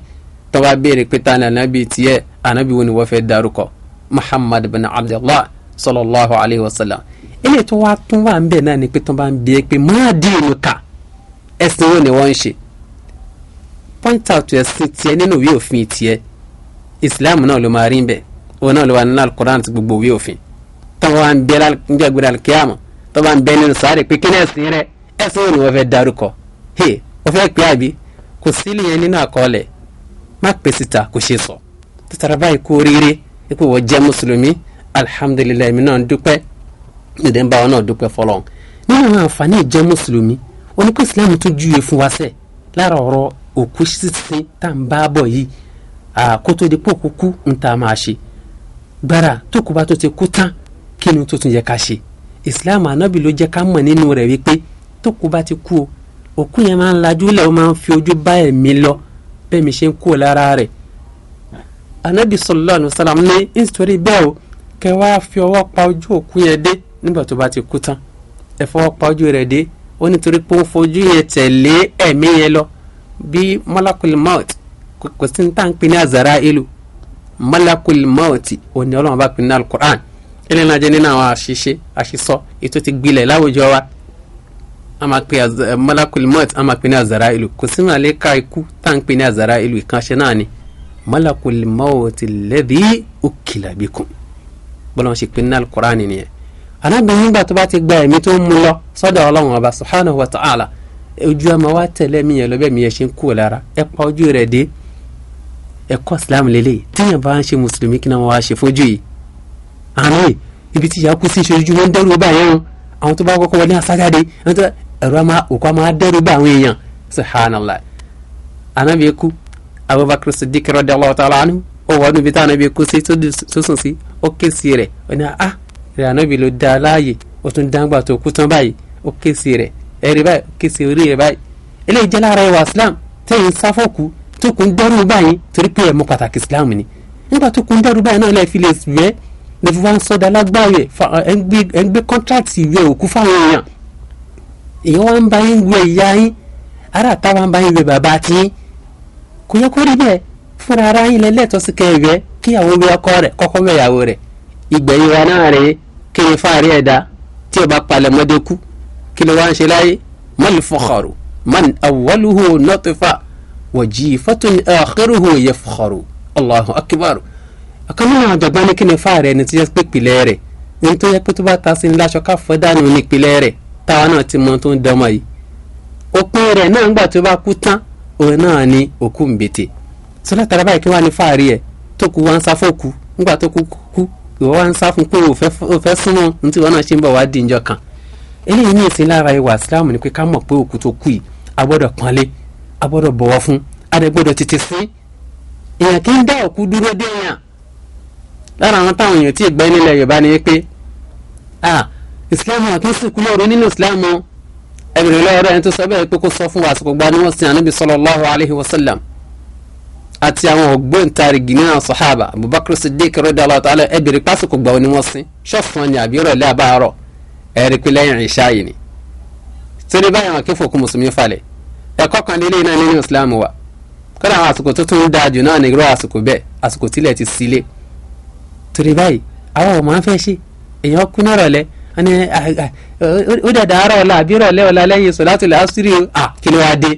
tó bá béèrè pé tani anábì tiẹ̀ anábì wo ni wọ́n fẹ́ dárúkọ muhammad bin abdullah sallallahu alayhi wa sallam eléyìí tó wá tún wà ń bẹ̀ náà ni pé tó bá ń bẹ́ẹ̀ pé má dìrò ká ẹ̀sìn wo ni wọ́n ń ṣe point out ẹ̀sìn tiẹ̀ nínú ìwé òfin tiẹ̀ islam náà ló máa rí bẹ́ẹ̀ òun náà ló wà nínú alukoran àti gbogbo ìwé òfin tọ́wọ́ à ń bẹ níjọ́ gbéra kíámọ̀ tọ́wọ́ à ń bẹ nínú sáré pé kí ni ẹ̀sìn rẹ ẹ̀sìn wo ni wọ́n fẹ́ darúkọ he wọ́n fẹ́ pè àbí kò sílì yẹn nínú àkọọ́lẹ̀ má pè síta kò ṣe sọ títàrà báyìí kú oríire ipò wọ́n jẹ́ mùsùlùmí alhamdulilayi mi náà ń dúpẹ́ ìdẹ́nbàwọ̀ náà dúpẹ́ fọlọ́n nínú àǹfààní ìjẹ́ mùsùlùmí Oni ní pé islam tó júwe fún wa sẹ́ lára ọ̀rọ̀ òkú sísìn tá à ń bá bọ̀ yìí àkótó de pòkú kú ń máa ṣe gbára tó kú bá tó ti kú tán kí ni tó tún yẹ ká ṣe islam anabi ló jẹ́ ká mọ̀ nínú rẹ̀ wípé tó kú bá ti kú o òkú yẹn máa ń lajú lẹ̀ ó máa ń fi ojú bá ẹ̀mí lọ bẹ́ẹ̀ mi ṣe ń kú lára rẹ̀ anabi sallallahu alaihi wasallam ní nítorí bẹ́ẹ̀ o kẹ wá fi ọwọ́ pa ojú òkú yẹn dé nígbà tó bá ti kú tán ẹ fọwọ́ pa ojú rẹ̀ dé ó nítorí pé ń fojú yẹn tẹ̀lé ẹ̀mí yẹn lọ bí malakul maut kò sí ní tá à ń pè ní azara ilu malakul maut òní ọlọ́run bá pè ní alukur'an eléyìí náà jẹ́ nínú àwọn àṣìṣe àṣìsọ ètò ti gbilẹ̀ láwùjọ wa a máa pè malakul maut a máa pè ní azara ilu kò sí màlẹ́ka ikú tá à ń pè ní azara ilu ìkànṣe náà ni malakul maut lẹ́dí òkìlà bíkùn bọ́lá wọn ṣe pè ní alukur'an nìyẹn anábìyín gbà tó bá ti gba ẹ̀mí tó ń mu lọ sọ́dọ̀ ọlọ́run ọba subhanahu wa ta'ala ojú ọmọ wa tẹ̀lé mi yẹn lọ́bẹ̀ mi yẹn ṣe ń kú lára ẹ pa ojú rẹ̀ dé ẹ̀kọ́ islam lélẹ̀ téèyàn bá ń ṣe mùsùlùmí kí náà wọ́n á ṣe fojú yìí àná yìí ibi tí ìyá kú sí ìṣojú wọn ń dẹ́rù bá yẹn o àwọn tó bá kọ́kọ́ wọlé àsájáde ẹ̀rọ òkú máa dẹ́rù bá àwọn èèyàn subhanallah anábìyẹ rẹ̀ ànábì ló dá a láàyè ó tún dáńgbà tó kú tán báyìí ó kése rẹ̀ ẹ̀rí báyìí ó kése orí rẹ̀ báyìí eléyìí jẹ́ lára ìwà islam tẹ̀yìn sáfọ́kù tó kún dẹ́rù báyìí torí pé ẹ̀mú pàtàkì islam ni nígbà tó kún dẹ́rù báyìí náà lẹ́ẹ̀ fi lè wẹ́ lè fi wá ń sọ́dọ̀ alágbáyé ẹ̀ ń gbé kọ́ńtrákìtì ìwé òkú fáwọn èèyàn èèyàn wá ń bá yín wẹ ìyá yín ara àtàwọn wá ń bá yín wẹ bàbá tiyín kò yẹ kó rí bẹ́ẹ̀ fúnra ara yín lẹ́lẹ́tọ̀ọ́sí kẹ́ ẹ̀wẹ́ kíyàwó wẹ ọkọ rẹ̀ kọ́kọ́ wẹ ìyàwó rẹ̀ ìgbẹ̀yìn wa náà rèé kí ni fáàrí ẹ̀dá tí o bá palẹ̀ mọ́dé kú kí ni wàá ń ṣe láyé mal fukharu man awwaluhu natifa wajifatun akhiruhu yafkharu allahu akbar akamọ́nà àjọ̀gbá ní kí ni fáàrí ẹni tí yẹ pé pìlẹ̀ rẹ̀ ní tó yẹ pé tó bá ta sí ńláṣọ káfọ́ dànù ní pìlẹ̀ rẹ̀ táwa náà ti mọ tó ń dánmọ́ yìí òpin rẹ̀ náà ńgbà tó bá kú tán òun náà ni òkú ń bètè sọlá tàbí báyìí kí wàá ní fáàrí ẹ̀ tó kú wá ń sáfọ́ kú ńgbà tó kú kú ìwọ wá ń sá fún pé o fẹ́ súnmọ́ ní tí ìwọ náà ṣe ń bọ̀ wá di ìjọ kan eléyìí ní ìsìn lára ìwà islam ni pé ká mọ̀ pé òkú tó yìí a gbọ́dọ̀ pọ́nlé a gbọ́dọ̀ fún a dẹ̀ gbọ́dọ̀ tètè sín èèyàn kì í dá òkú dúró dé èèyàn lára àwọn táwọn èèyàn tí ì gbẹ́ nílẹ̀ yorùbá ni pé ah islam àti sìnkú lóru nínú islam lọ́wọ́ rẹ̀ tó sọ bẹ́ẹ̀ pé kó sọ fún wa àsìkò àti àwọn ògbóǹtarìgì nínú àwọn sọ̀hábà abubakar siddiq radiyallahu ta'ala ẹ̀bìrì pásìkò gbà ni wọ́n sin ṣọ́ọ̀fù wọn ni àbí ìrọ̀lẹ́ àbáàrọ̀ ẹ̀rí pé lẹ́yìn ìṣá yìí ni. sẹ́ni báyìí wọn kí fòkú mùsùlùmí falẹ̀ ẹ̀kọ́ kan nílé náà nínú islam wa kọ́dà àwọn àsìkò tó tún ń dáa jù náà ní irú àsìkò bẹ́ẹ̀ àsìkò tílẹ̀ ti sílé. torí báyìí àwọn ọmọ fẹ́ ṣe èèyàn kú nírọ̀lẹ́ ó dẹ̀ dàárọ̀ ọ̀la àbí ìrọ̀lẹ́ ọ̀la lẹ́yìn sọ̀látùl àṣírí à kí ló wá dé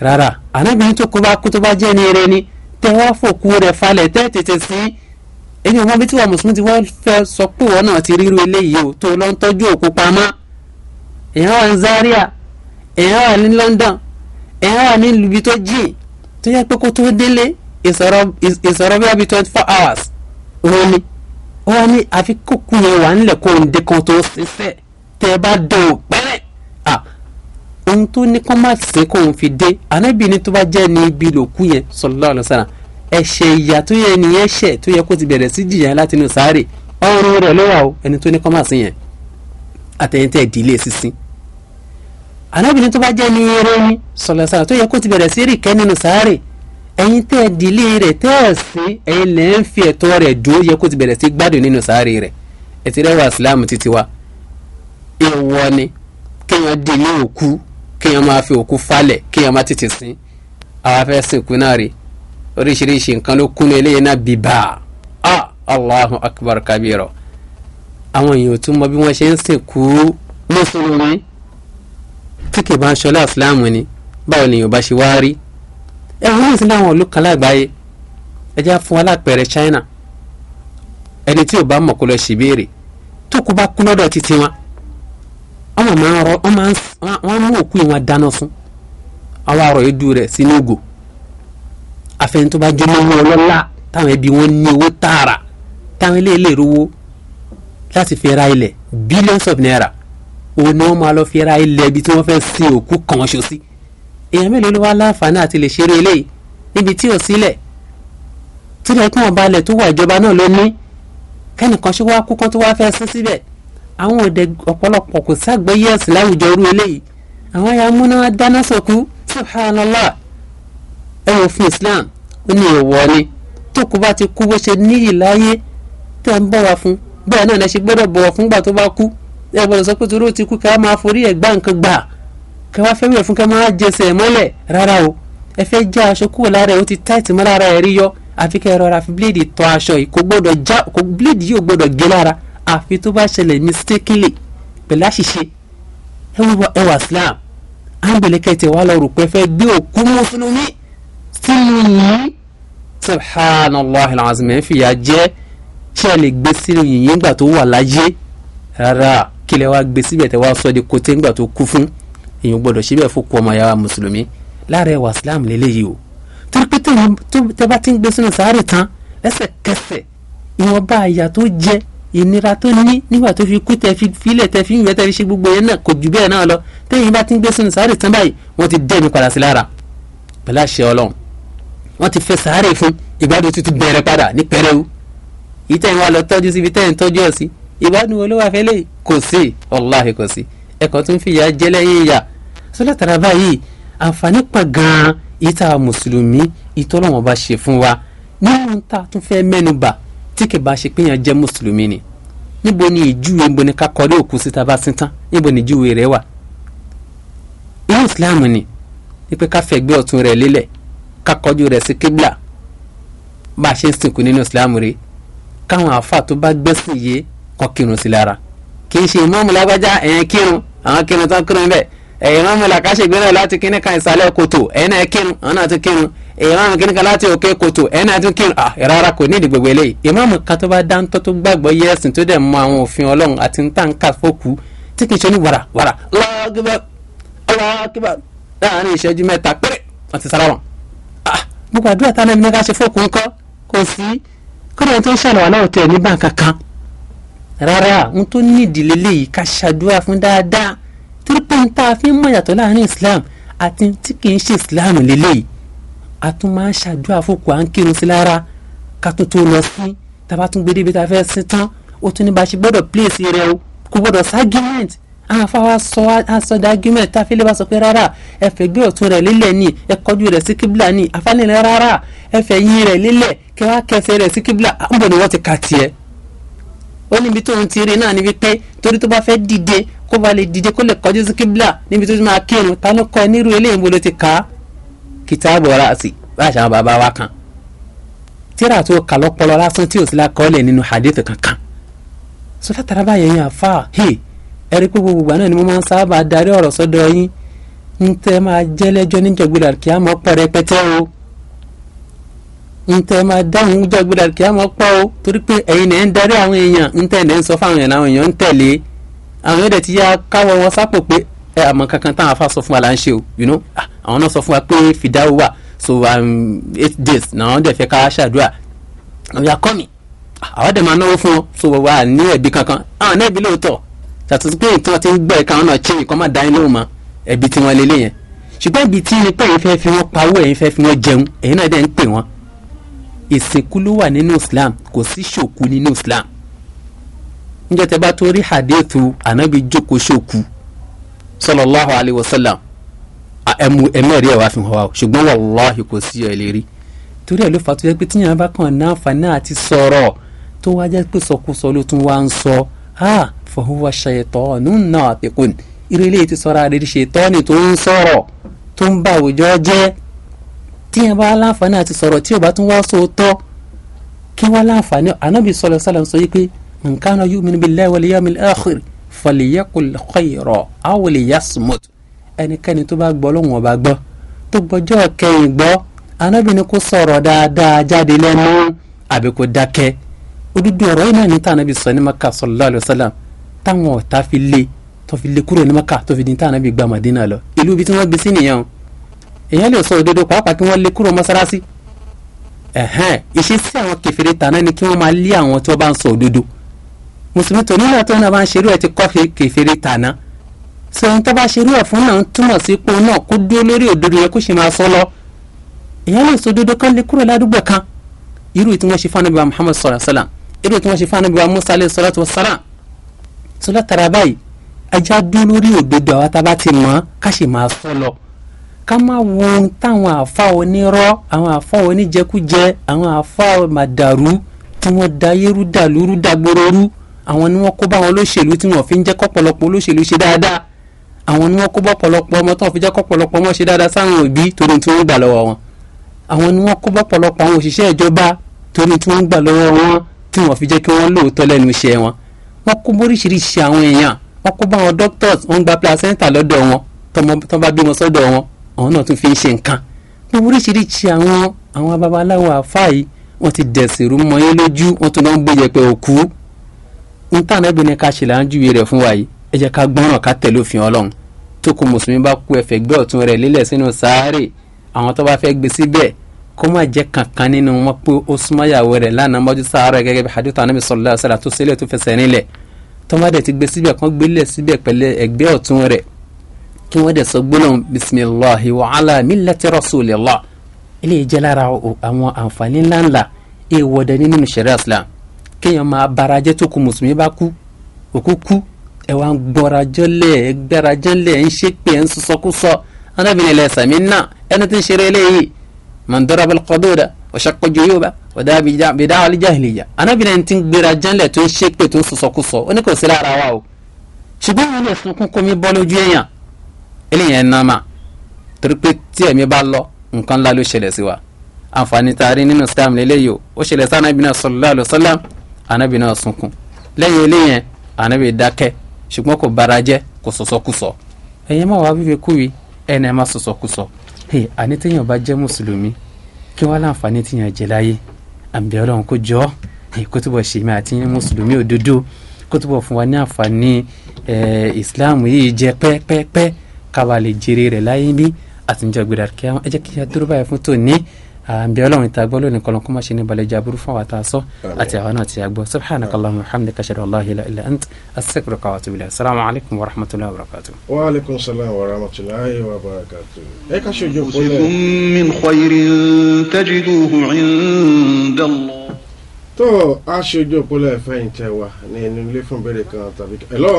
rárá anábìrin tó kó bá kú tó bá jẹ́ ní eré ni tẹ́ wá fòkú rẹ̀ falẹ̀ tẹ́ tètè sí èyí wọn bí tí wọn mùsùlùmí ti wọ́n fẹ́ sọ pé wọn náà ti ríru eléyìí o tó lọ ń tọ́jú òkú pamọ́ èèyàn wà ní Zaria èèyàn wà ní London èèyàn wà ní ibi tó jìn tó yẹ pé kó tó délé ìsọ̀rọ̀ bí wọ́n twenty four hours òun ni òun ni àfi yẹn wà nílẹ̀ kó ń dé tó ṣiṣẹ́ tẹ́ bá dùn pẹ́rẹ́ ohun tó ní kó má ṣe kó òun fi dé ànábì ní tó bá jẹ́ ní ibi lòkú yẹn sallallahu alaihi wasallam ẹ̀ṣẹ̀ ìyà tó yẹ nìyẹn ṣẹ̀ tó yẹ kó ti bẹ̀rẹ̀ sí jìyà láti inú sáré ọrùn rẹ̀ ló wà o ẹni tó ní kó má sí yẹn àtẹ̀yìntẹ̀ ìdílé sísìn ànábì ní tó bá jẹ́ ní eré ní sallallahu alaihi wasallam tó yẹ kó ti bẹ̀rẹ̀ sí rì kẹ́ nínú sáré ẹ̀yin tẹ́ ìdílé rẹ̀ tẹ́ ẹ̀ sí ẹ̀yin lẹ́ ń fi ẹ̀tọ́ rẹ̀ dúró yẹ kó ti bẹ̀rẹ̀ sí gbádùn nínú sáré rẹ̀ ẹ̀tí rẹ̀ wà sílámù títí wa èèwọ̀ ni kéèyàn délé òkú kéèyàn máa fi òkú falẹ̀ kéèyàn máa tètè sin àwa fẹ́ sìnkú náà rè oríṣiríṣi nǹkan ló kúnú eléyìí náà bíbá a allahu akbar kabira àwọn èèyàn ò tún mọ bí wọ́n ṣe ń sìnkú mùsùlùmí tí kì bá ń ṣọlá ìsìláàmù ni báwo ni yorùbá ṣe wá rí ẹ̀rọ náà sí láwọn ìlú kan lágbàáyé ẹjẹ́ fún wa lápẹẹrẹ China ẹni tí ò bá mọ̀ kó lọ ṣèbéèrè tó kú bá kú lọ́dọ̀ títí wọn ọmọ máa ń rọ ọmọ wọn mú òkú yìí wọn dáná fún àwọn àrò edu rẹ̀ sínú ògò àfẹn tó bá jọmọ wọn lọ́lá táwọn ẹbí wọn ní owó tààrà táwọn ilé ilé rówó láti fi ra ilẹ̀ billions of naira òun ni wọ́n máa lọ fi ra ilẹ̀ ibi tí wọ́n fẹ́ sin òkú kan ṣo sí èèyàn mélòó ló wá láǹfààní àti lè ṣeré eléyìí níbi tí ò sílẹ̀ tílẹ̀ kí wọ́n balẹ̀ tó wà ìjọba náà ló ní kẹ́nìkan ṣe wá kú kan tó wá fẹ́ sin síbẹ̀ àwọn òde ọ̀pọ̀lọpọ̀ kò ságbẹ́yé ẹ̀sìn láwùjọ orú eléyìí àwọn ya múná dáná sọ̀kú subhanallah ẹ wò fún islam ó ní èèwọ̀ ni tó kú bá ti kú bó ṣe níyì láyé tẹ́ ń bọ̀wá fún bẹ́ẹ̀ náà lẹ́sẹ̀ gbọ́dọ̀ bọ̀wọ̀ fún gbà tó bá kú ẹ gbọ́dọ̀ sọ pé torí ó ti kú ká máa forí ẹ̀ gbá nǹkan gbà ká wá fẹ́ẹ́ wẹ̀ fún ká máa jẹsẹ̀ mọ́lẹ̀ rárá o ẹ fẹ́ já aṣọ kúrò lára ẹ̀ ó ti táìtì mọ́ lára ẹ̀ rí yọ àfi rọra fi bíléèdì tọ́ aṣọ yìí kò gbọ́dọ̀ já bíléèdì yìí ò gbọ́dọ̀ gé lára àfi tó bá ṣẹlẹ̀ mistakenly pẹ̀lú àṣìṣe ẹ wọ ẹwà Islam àgbẹ̀lẹ̀kẹ̀ tẹ̀ wá lọ rò pé fẹ́ gbé òkú mùsùlùmí sínú yìí subhanallah alazim ẹ̀ fìyà jẹ́ ṣe lè gbé sínú yìnyín gbà tó wà láyé rárá kí lẹ wá gbé síbẹ̀ tẹ wá sọ di kòtẹ́ ńgbà tó kú fún èèyàn gbọ́dọ̀ síbẹ̀ fún kú ọmọ yàrá mùsùlùmí láàrẹ̀ wà Islam lélẹ́yìí o torí pé tẹ bá ti ń gbé sínú sàárè tán lẹ́sẹ̀kẹsẹ̀ ìwọ̀nba àyà tó jẹ́ ìnira tó ní nígbà tó fi kú tẹ fi filẹ̀ tẹ fi ń yẹ tẹ fi ṣe gbogbo yẹn náà kò jù bẹ́ẹ̀ náà lọ tẹ́yìn bá ti ń gbé sínú sáré tán báyìí wọ́n ti dẹ́mi padà sí lára pẹ̀lú àṣẹ ọlọ́run wọ́n ti fẹ́ sáré fún ìgbádùn tó ti bẹ̀rẹ̀ padà ní pẹrẹwu ìtẹ̀yìn wa lọ tọ́jú síbi tẹ́yìn tọ́jú ọ̀ sí olówó afẹ́lẹ́ kò sí wàláhì kò sí ẹ̀kọ́ tó ń fìyà jẹ lẹ́yìn ìyà sólátara báyìí àǹfààní pọ̀ gan-an ìta tí kì bá ṣe péyàn jẹ́ mùsùlùmí ni níbo ni ìjúwe níbo ni kakọrí òkú síta bá sí tán níbo ni ìjúwe rẹ̀ wà. irú ìsìláàmù ni wípé ká fẹ̀gbẹ́ ọ̀tún rẹ̀ lélẹ̀ ká kọjú rẹ̀ sí kíblà bá a ṣe ń sìnkú nínú ìsìláàmù rẹ̀ káwọn àáfàá tó bá gbẹ́sìn yé kọ́ kírun sí lára kì í ṣe ìmọ̀ọ́mù lágbájá ẹ̀yẹn kírun àwọn kírun tán kírun bẹ́ẹ̀ ẹ̀yìn làkàṣègbè náà láti kíní kan ìsàlẹ̀ kòtò ẹ̀yìn náà kírun àwọn náà ti kírun ìmáàmù kí ah, ni kan láti òkè kòtò ẹni àti kí ah rárá kò nídìí gbogbo eléyìí ìmáàmù kan tó bá dáńtọ́ tó gbàgbọ́ yẹ ẹ̀sìn tó dẹ̀ mọ àwọn òfin ọlọ́run àti ń tàǹkà fókù tí kì í ṣe ní wàrà wàrà lọ́ọ́gíbà lọ́ọ́gíbà láàárín ìṣẹ́jú mẹ́ta péré wọ́n ti sára e wọn. gbogbo àdúrà táwọn ẹni ká ṣe fókù ńkọ́ kò sí kódà tó ń ṣàlọ́wà náà tẹ̀ ní báǹkà kan rárá n tó ní ìdílé Islam àti tí Islam lélẹ́yìí a tún máa ń ṣàdúrà fòkù à ń kírun sí lára ká tún tó lọ sí tàbá tún gbé débi tá a fẹ́ sí tán ó tún ní bá a ṣe gbọ́dọ̀ pílèsì rẹ o kò gbọ́dọ̀ ságímẹ̀ntì àwọn afáwa sọ àsọdá argument tá a fi lè bá sọ pé rárá ẹ gbé ọ̀tún rẹ̀ lílẹ̀ ni ẹ kọjú rẹ̀ sí kíbla ni àfánilẹ̀ rárá ẹ fẹ́ yín rẹ̀ lílẹ̀ kẹwàá kẹsẹ̀ rẹ̀ sí kíbla níbo ni wọ́n ti kà tiẹ̀ ó níbi tóun ti rí náà níbi pé torí tó bá fẹ́ dìde kó ba lè dìde kó lè kọjú sí kíbla níbi tó ti máa kírun ta ló kọ nírú eléyìí mo ló ti kà á kìtàbù ra'asi láṣà àwọn bàbá wa kan tíra tó kà lọ́pọlọ lásán tí ò sí lákọọ́lẹ̀ nínú hadith kankan so látara báyẹn yẹn àfa hey ẹ̀rí pé gbogbo ìgbà náà ni mo máa ń sábà darí ọ̀rọ̀ sọ́dọ̀ yín ń tẹ́ máa jẹ́ lẹ́jọ́ níjọ̀gbìlà kí á mọ̀ pọ̀ rẹpẹtẹ o ń tẹ́ máa dáhùn jọ̀gbìlà kí á mọ̀ pọ̀ o torí pé ẹ̀yin náà ń darí àwọn èèyàn ń tẹ́ ẹ̀ ń sọ fáwọn èèyàn àwọn èèyàn ń tẹ̀lé àwọn èèyàn dẹ̀ ti yá káwọ́ wọn sápò pé ẹ àmọ́ kankan táwọn afa sọ fún wa là ń ṣe o you know ah, àwọn náà sọ fún wa pé fìdáwó wà so um, eight days náà wọ́n dẹ̀ fẹ́ ká ṣàdúrà ọ̀yà kọ́ mi ah, àwọn dẹ̀ máa náwó fún wọn so wà ní ẹ̀bí kankan àwọn náà ẹ̀bí lóòótọ́ yàtọ̀ sí pé ìtàn ti ń gbọ́ ẹ̀ka ọ̀nà chain kọ́ máa dá iná òun mọ́ ẹ̀bí tí wọ́n lé léyẹn ṣùgbọ́n ibi tí ni pé èyí fẹ́ fi wọ́n pawó èyí fẹ́ fi wọ́n jẹun èyí náà dẹ̀ ń pè wọ́n ìsìnkú ló wà nínú Islam kò sí ṣòkú nínú Islam níjọ́ tẹ́ bá tó rí hadithu ànábi jókòó ṣòkú sallallahu alayhi wa sallam ẹmẹ́rìí ẹ̀ wá fi hàn wá ṣùgbọ́n wàláhì kò sí ẹ̀ lérí torí ẹ̀ ló fà tó yẹ pé tíyàn bá kàn náà fà náà ti sọ̀rọ̀ tó wá jẹ́ pé sọkúsọ ló tún wá ń sọ ha fahuwa shaytanun natikun ìrẹ̀lẹ̀ ti sọ̀rọ̀ àdéhìí ṣètọ́ni tó ń sọ̀rọ̀ tó ń bá àwùjọ jẹ́ tíyàn bá láǹfààní àti sọ̀rọ̀ tí ò tún wá sóòótọ́ kí wọ́n láǹfààní falyakul khayra aw liyasmut ẹnikẹ́ni tó bá gbọ́ lóhùn ọba gbọ́ tó gbọ́jọ́ kẹ́yìn gbọ́ anábìnrin kò sọ̀rọ̀ dáadáa jáde lẹ́nu àbí kò dákẹ́ odúdú ọ̀rọ̀ yìí náà ní tàn ànábì sọ ní maka sallallahu alayhi wa sallam táwọn ọ̀tá fi lé tó fi lé kúrò ní maka tó fi di tàn ànábì gba Madina lọ ìlú ibi tí wọ́n gbé sí nìyẹn o èèyàn lè sọ òdodo pàápàá kí wọ́n lé kúrò mọ́sálásí ẹ̀hẹ́n ìṣesí àwọn kèfèrí tàn náà ni kí wọ́n máa lé àwọn tí wọ́n bá ń sọ òdodo mùsùlùmí tòní náà tó náà bá ń ṣerú ẹ̀ ti kọ́ kèfèrè tàná sọyìn tó bá ṣerú ẹ̀ fún náà ń túmọ̀ sí pé òun náà kó dúró lórí òdodo yẹn kó ṣe máa sọ lọ èèyàn lè sọ òdodo kan lè kúrò ládùúgbò kan irú tí wọ́n ṣe fún anábìwá Muhammad sallallahu alaihi irú tí wọ́n ṣe fún anábìwá Musa alayhi salatu wassalam sọlá tara báyìí ajá dúró lórí òdodo àwa tá a bá ti mọ̀ ọ́ ká ṣe máa sọ lọ ká má wo ohun táwọn àfa onírọ́ àwọn àfa oníjẹkújẹ àwọn àfa màdàrú tí wọ́n da yérú dàlúrú dàgbòròrú àwọn ni wọ́n kó bá àwọn olóṣèlú tí wọ́n fi ń jẹ́ kọ́pọ̀lọpọ̀ olóṣèlú ṣe dáadáa àwọn ni wọ́n kó bá ọ̀pọ̀lọpọ̀ ọmọ tí wọ́n fi jẹ́ kọ́pọ̀lọpọ̀ ọmọ ṣe dáadáa sáwọn òbí torí tí wọ́n gbà lọ́wọ́ wọn àwọn ni wọ́n kó bá àwọn òṣìṣẹ́ ìjọba torí tí wọ́n gbà lọ́wọ́ wọn tí wọ́n fi jẹ́ kí wọ́n lóòótọ́ lẹ́nu iṣẹ́ wọn wọ́n kó bóríṣiríṣi àwọn èèyàn wọ́n kó bá àwọn doctors wọ́n gba placenta lọ́dọ̀ wọn tọ́ bá bímọ sọ́dọ̀ wọn àwọn náà tún fi ń ṣe nǹkan gbogbo oríṣiríṣi àwọn àwọn n tàn ẹ́ bí ni ká ṣe là ń júwe rẹ̀ fún wa yìí ẹ jẹ́ ká gbọ́ràn ká tẹ̀lé òfin ọlọ́run tó kù mùsùlùmí bá kú ẹ̀fẹ̀ gbé ọ̀tún rẹ̀ lélẹ̀ sínú sàárè àwọn tó bá fẹ́ gbé síbẹ̀ kó má jẹ́ kankan nínú wọn pé ó súnmọ́ ìyàwó rẹ̀ lánàá mọ́jú sàárè gẹ́gẹ́ bí hadith anabi sallallahu alaihi wasallam tó sílẹ̀ tó fẹsẹ̀ nílẹ̀ tó má dẹ̀ ti gbé síbẹ̀ kán gbélé síbẹ̀ pẹ̀lẹ́ ẹ̀gbẹ́ ọ̀tún rẹ̀ kí wọ́n dẹ̀ sọ gbólóhùn bisimilahi wa ala millati rasulillah ilé ìjẹ́ àwọn àǹfààní ńláńlá èèwọ̀ nínú sẹ̀rẹ̀ islam kéèyàn máa barajẹ́ tó kù mùsùlùmí bá kú òkú kú ẹ wá ń gbọ́rajọ́lẹ̀ ẹ gbẹ́rajọ́lẹ̀ ẹ ń ṣépè ẹ ń sọsọkúsọ anábìnrin ilẹ̀ sàmì náà ẹni tí ń ṣeré eléyìí mandora balqadoda ọ̀ṣàkọjọ yóò bá ọ̀dà bìdá alíjàhìlìyà anábìnrin ẹni tí ń gbẹ́rajọ́lẹ̀ tó ń ṣépè tó ń sọsọkúsọ ó ní kò sí lára wa o ṣùgbọ́n àwọn ilé sunkún kó mi bọ́ lójú anabi náà sunkún lẹ́yìn eléyẹn anabi dákẹ́ ṣùgbọ́n kò bara jẹ́ kò sọ̀sọ́kùsọ ẹ̀yin máa wá wíwé kúwi ẹ̀yin náà máa sọ̀sọ́kùsọ hey àní téèyàn bá jẹ́ mùsùlùmí kí wọ́n láǹfààní téèyàn jẹ láyé àǹbí ọlọ́run kò jọ kó túbọ̀ ṣe mí àti mùsùlùmí òdodo kó túbọ̀ fún wa ní àǹfààní ìsìláàmù eh, yìí jẹ pẹ́pẹ́pẹ́ káwa lè jèrè rẹ̀ láyé bí àtúnjọ gbèrà kí ẹ jẹ́ kí a dúró báyìí fún tòní àǹbí ọlọ́run ìta gbọ́ lónìí kọlọ́n kó má ṣe ní balẹ̀ jábúrú fún àwọn àtàsọ́ àti àwọn náà ti àgbọ̀ subhanakallahumma wa hamdika ashhadu an la ilaha illa ant astaghfiruka wa atubu ilayk assalamu alaykum wa rahmatulahi wa barakatuh. wa aleykum salaam wa rahmatulahi wa barakatuh. ẹ ká ṣe ojú òpó lẹ. min khayrin tajiduhu inda Allah. tó a ṣe ojú òpó lẹ fẹ́yìn tẹ wa ní inú ilé fún bẹ́ẹ̀rẹ̀ kan tàbí. hello.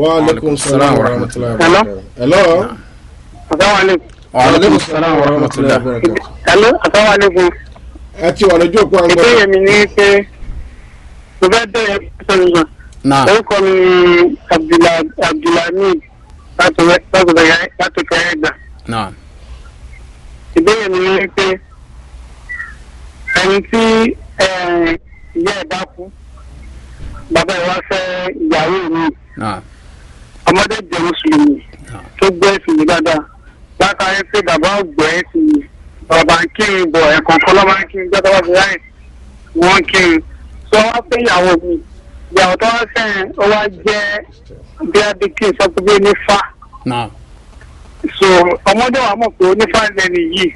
wa aleykum salaam wa rahmatulahi wa barakatuh. hello aleykum salaam wa rahmatulah. alo asalaamualeykum. ẹ ti wà lójú òkú àgbọ̀dọ̀. ìbéèrè mi ni pé mo fẹ́ bẹ̀rẹ̀ sọ̀rọ̀ náà. orúkọ mi ni abdulhamid láti kẹ́rẹ́ gbà. náà. ìbéèrè mi ni pé ẹni tí ìyá ẹ̀ bá kú bàbá ẹ̀ wá fẹ́ ìyàwó mi ọmọdé jẹ́ mùsùlùmí tó gbé ìsìn dáadáa látà yẹn pé bàbá ọ̀gbẹ́ ti bàbá ń kírun bọ̀ ẹ̀kan kan lọ́ba ń kírun gbọ́dọ̀ bàbá ráì wọ́n ń kírun sọ wá pé ìyàwó mi ìyàwó tó wá sẹ́yìn ó wá jẹ́ bí abike sọ pé bí nífa so ọmọdé wa mọ̀ pé onífà lẹ́nu yìí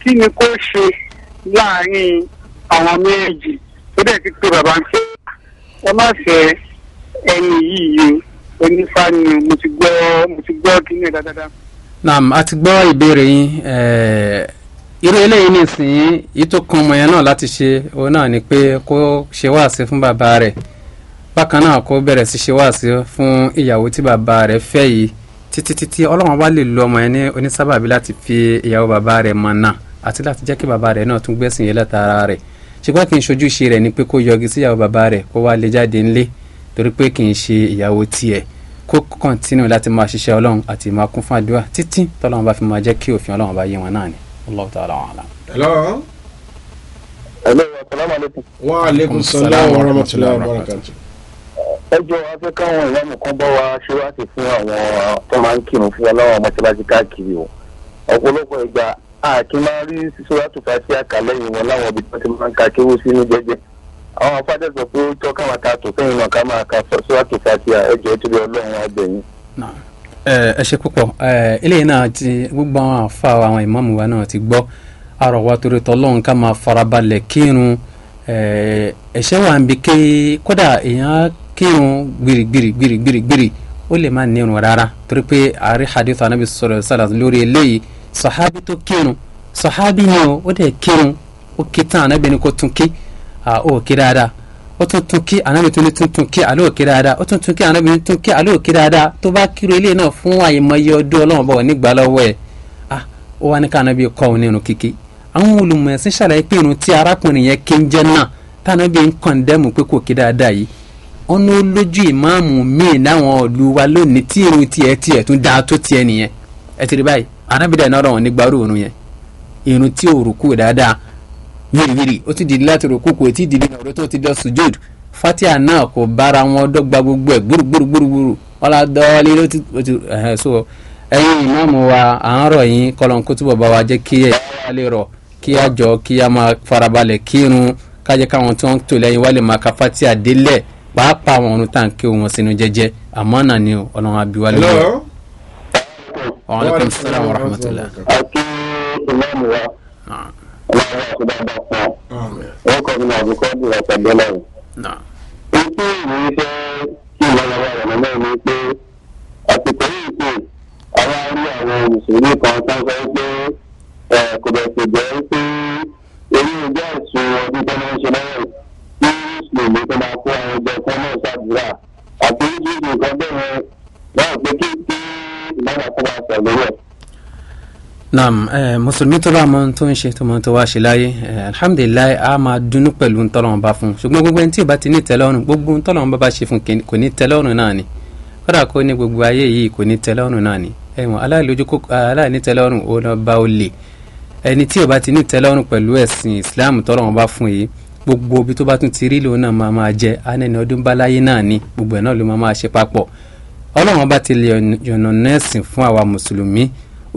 kí ni kó ṣe láàárín àwọn méjì tó dẹ̀ ti pé bàbá ń kí ẹ má fẹ́ ẹni yìí yìí onífà ni mo ti gbọ́ mo ti gbọ́ kí ni dáadáa naam a ti gbọ́ ìbéèrè yín eh, irú eléyìí nìsín yìí tó kan ọmọ yẹn náà láti ṣe òun náà ni pé kó ṣe wáàsí fún bàbá rẹ̀ bákan náà kó bẹ̀rẹ̀ sí ṣe wáàsí fún ìyàwó tí bàbá rẹ̀ fẹ́ yìí títí títí ọlọ́run bá lè lo ọmọ yẹn ní onísábàbí láti fi ìyàwó bàbá rẹ̀ mọ̀ náà àti láti jẹ́ kí bàbá rẹ̀ náà tún gbẹ̀sìn yẹn látara rẹ̀ ṣùgbọ́n kì í ṣojú ṣe rẹ̀ ni pé kó yọgi síyàwó bàbá rẹ̀ kó wá lè jáde ńlé torí pé kì í ṣe ìyàwó tiẹ̀ kó kọ́ntínú láti máa ṣiṣẹ́ ọlọ́run àti máa kún fún àdúrà títí tọ́lọ́run bá fi máa jẹ́ kí òfin ọlọ́run bá yé wọn náà ni Allahu ta'ala a'lam. hello. hello asalaamu aleykum. wa aleykum salaam wa rahmatulahi wa barakatu. ẹ jọ afẹ́ káwọn ìlànà kan bá wa ṣe wá sí fún àwọn tó máa ń kírun fún ọlọ́run mọ́ṣáláṣí káàkiri o ọ̀pọ̀lọpọ̀ ìgbà àkínmárí sísọ́ra tó fà sí àkàlẹ́yìn máa ń ka àwọn afáde sọ pé ó tọ́ káwọn ká tó sẹ́yìn náà ká máa ka síwájú káàkiri ẹjọ́ tó lè ọlọ́run abẹ́yìn. ẹ ṣe púpọ̀ eléyìí náà ti gbogbo àwọn àfa àwọn ìmáàmù wa náà ti gbọ́ àrọ̀wá torí tọ́lọ́run ká máa farabalẹ̀ kírun ẹ̀ṣẹ̀ wà ń bi ké kódà èèyàn kírun gbìrìgbìrì gbìrìgbìrì gbìrì ó lè má nírun rárá torí pé àárí hadith anabi sọ̀rọ̀ sàlà lórí eléyìí sọ̀hábí tó kírun sọ̀hábí ni ó dẹ̀ kírun ó ké tán anabi ni kò tún ké ó kí dáadáa ó tún tún kí ànábì tún ní tún tún kí àlọ́ òkè dáadáa ó tún tún kí ànábì tún tún kí àlọ́ òkè dáadáa tó ah o wá ní ká ànábì kọ́ òun nínú kíkí àwọn olùmọ̀ ẹ̀sìn ṣàlàyé pé irun tí arákùnrin yẹn kí ń jẹ́ náà tànábì ń kàn dẹ́mu pé kò kí dáadáa yìí ọ̀nà olójú ìmáàmù míì náwọn ìlú wa lónìí tí irun tiẹ̀ tiẹ̀ tún dáa tó tiẹ̀ nìyẹn ẹ ti rí báyìí ànábì dẹ̀ náà rọ̀ nígbà òru òrun yẹn irun tí òrùkù dáadáa wìrìwìrì ó ti dìde láti rò kókò ètí ìdílé ọ̀rẹ́ tó ti dán sujud fatia náà kò bára wọn dọ́gba gbogbo ẹ̀ gbúrúgbúrúgbúrú ọlá dọ́ọ́lé ló ti ó ti ẹ̀hẹ́ so ẹ̀yin ìmáàmù wa à ń rọ̀ yín kọ́lọ́n kó túbọ̀ bá wa jẹ́ kí ẹ̀ wá lè rọ̀ kí á jọ kí á máa farabalẹ̀ kírun kájẹ́ káwọn tí wọ́n ń tò lẹ́yìn wá máa ka fatia délẹ̀ pàápàá àwọn ọ̀run tá à ń kí wọn sínú jẹ́jẹ́ àmọ́ náà ni ọlọ́run abiwa lè rọ̀. wa alaikum salaam wa rahmatullah. àti ìmáàmù wa ọlọ́run àti dáadáa fún ọ orúkọ mi náà àbúkọ́ bí ọ̀sẹ̀ gbẹ́lẹ́rìn. ikú ìwé iṣẹ́ kí ìlànà wa rẹ̀ lọ́wọ́ ni pé àsìkò yìí pé àwọn arí àwọn mùsùlùmí kan tó ń sọ naam ẹ mùsùlùmí tó bá mọ tó ń ṣe tó mọ tó wá ṣe láyé ẹ alihamudulilayi a máa dunnú pẹ̀lú ntọ́lọ́run bá fún ṣùgbọ́n gbogbo ẹni tí ò bá ti ní tẹ́lọ́rùn gbogbo ntọ́lọ́run bá bá ṣe fún kò ní tẹ́lọ́rùn náà ni kódà kó ní gbogbo ayé yìí kò ní tẹ́lọ́rùn náà ni ẹ̀wọ̀n aláìlójú kó aláìní tẹ́lọ́rùn ó lọ bá ó lè ẹni tí ò bá ti ní tẹ́lọ́rùn pẹ̀lú ẹ̀sìn Islam tọ́lọ́run bá fún yìí gbogbo ibi tó bá tún ti rí lòun náà máa máa jẹ anẹni ọdún bá láyé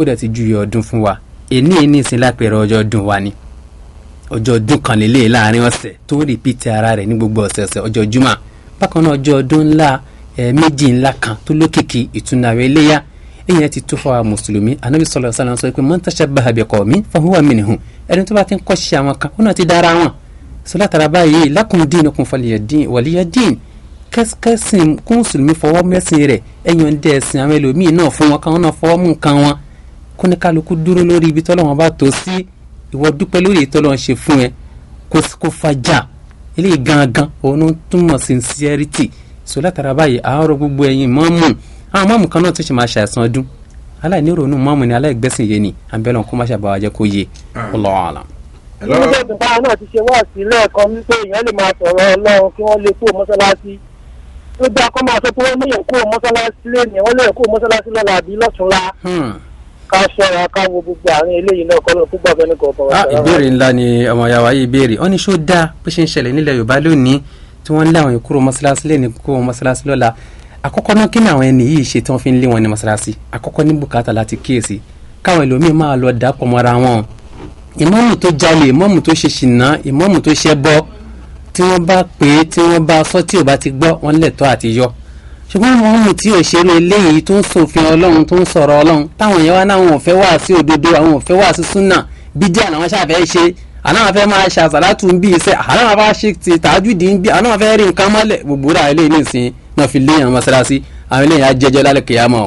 ó dẹ̀ ti júwe ọdún fún wa èní èní ìsìn lápẹ̀rẹ̀ ọjọ́ ọdún wa ni ọjọ́ ọdún kan lélẹ̀ láàrin ọ̀sẹ̀ tó rìpítì ara rẹ̀ ní gbogbo ọ̀sẹ̀ọ̀sẹ̀ ọjọ́ juma bákan náà ọjọ́ ọdún ńlá méjì ńlá kan tó lókìkí ìtúnu àwẹ̀ iléyà èyàn ti tó fáwọn mùsùlùmí anabi sọlọ sọlọ sọ pé man tashabbaha biqawmin fahuwa minhum ẹni tó bá ti ń kọ́ṣe àwọn kan ó náà ti dára wọn sọlá tara báyìí lakum dinukum faliyadin waliyadin kẹsìn kún mùsùlùmí fọwọ́ mẹ́sìn rẹ̀ ẹ̀yàn dẹ̀ ẹ̀sìn àwọn ẹlòmíì náà fún wọn káwọn náà fọwọ́ mú nǹkan wọn kó ní kálukú dúró lórí ibi tọ́lọ́wọ́n bá tó sí ìwọ dúpẹ́ lórí èyí tọ́lọ́wọ́n ṣe fún ẹ kó fajà eléyìí gangan òun túmọ̀ sincerity so látara báyìí àárọ̀ gbogbo ẹ̀yin mọ́mù àwọn mọ́mù kan náà tó ṣe máa ṣàìsàn ọdún aláìníròónú mọ́mù ni aláìgbẹ́sìn yé ni àbẹ̀lẹ̀ kó má ṣàbàwà jẹ́ kó yé ọlọ́ọ̀lá. ìlú kan máa sọ̀rọ̀ ọlọ́run kí wọ́n lè kó mọ́sálásí ó dáa kó máa sọ pé wọ́n lè kó mọ́sálásí lé ká ṣọ́ra ká wo gbogbo àárín eléyìí náà kọ́ ló kú gbàgbọ́ ní kọ̀ọ̀kan. Ah, ìbéèrè ńlá ni ọmọ ìyá wa yìí béèrè ó ní ṣó dáa bó ṣe ń ṣẹlẹ̀ nílẹ̀ Yorùbá lónìí tí wọ́n ń lé àwọn ìkúrò mọ́ṣáláṣí lé ní kúrò mọ́ṣáláṣí lọ́la àkọ́kọ́ náà kí ni àwọn ẹni yìí ṣe tí wọ́n fi ń lé wọn ní mọ́ṣáláṣí àkọ́kọ́ ní bùkátà láti kíyèsí káwọn ẹlòmíín máa lọ dàpọ̀ mọ́ra wọn ìmáàmù tó jalè ìmáàmù tó ṣe ṣìnà ìmáàmù tó ṣẹbọ tí wọ́n bá pè é tí wọ́n bá sọ tí ò bá ti gbọ́ wọn lẹ̀tọ́ àti yọ ṣùgbọ́n àwọn ohun tí òṣèré eléyìí tó ń sòfin ọlọ́run tó ń sọ̀rọ̀ ọlọ́run táwọn yẹn wá náà wọn ò fẹ́ wá sí òdodo àwọn ò fẹ́ wá sí súnà bídíà làwọn ṣàfẹ́ ṣe àwọn àfẹ́ máa ṣe àsàlátù ń bí iṣẹ́ àwọn àfẹ́ ṣe ti tàájúdì ń bí àwọn àfẹ́ rí nǹkan mọ́lẹ̀ gbogbo rà ilé ní ìsìn náà fi léyìn àwọn mọ́sálásí àwọn eléyìí á lálẹ́ kìyàmọ́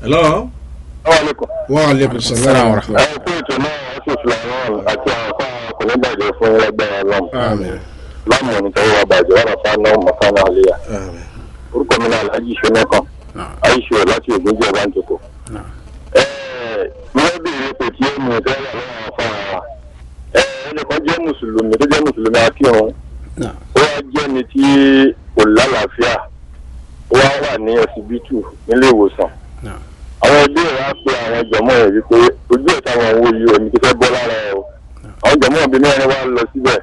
ah. hello. wa aleykum salaam wa rahmatulah. ẹ kú ètò náà ẹ sì fi àwọn àti àwọn oníbàjẹ́ fún ẹlẹ́gbẹ̀rún ọlọ́run láàmú onítọ́wọ́ abàjẹ́ wàrà fáná mọ̀kánná àlẹ́yà orúkọ mi náà alájí ìṣúná kan àìṣe láti ògùn jẹ́ báńkìkò. wọ́n béèrè pé kí ẹnu ẹ̀fẹ́ wà lọ́wọ́ àwọn afárá wa ẹnìkan jẹ́ mùsùlùmí tó jẹ́ mùsùlùmí akírun ó wá jẹ́ ni tí kò lálàáfíà ó wá wà ní ọsibítù nílé ìwòsàn àwọn ẹbí rẹ̀ á pe àwọn jọ̀mọ́ rẹ̀ wípé ojú ẹ̀ta wọn wo yìí omi tó fẹ́ bọ́ lára ẹ̀ o àwọn jàmọ́ ọ̀bí mẹ́rin wá lọ síbẹ̀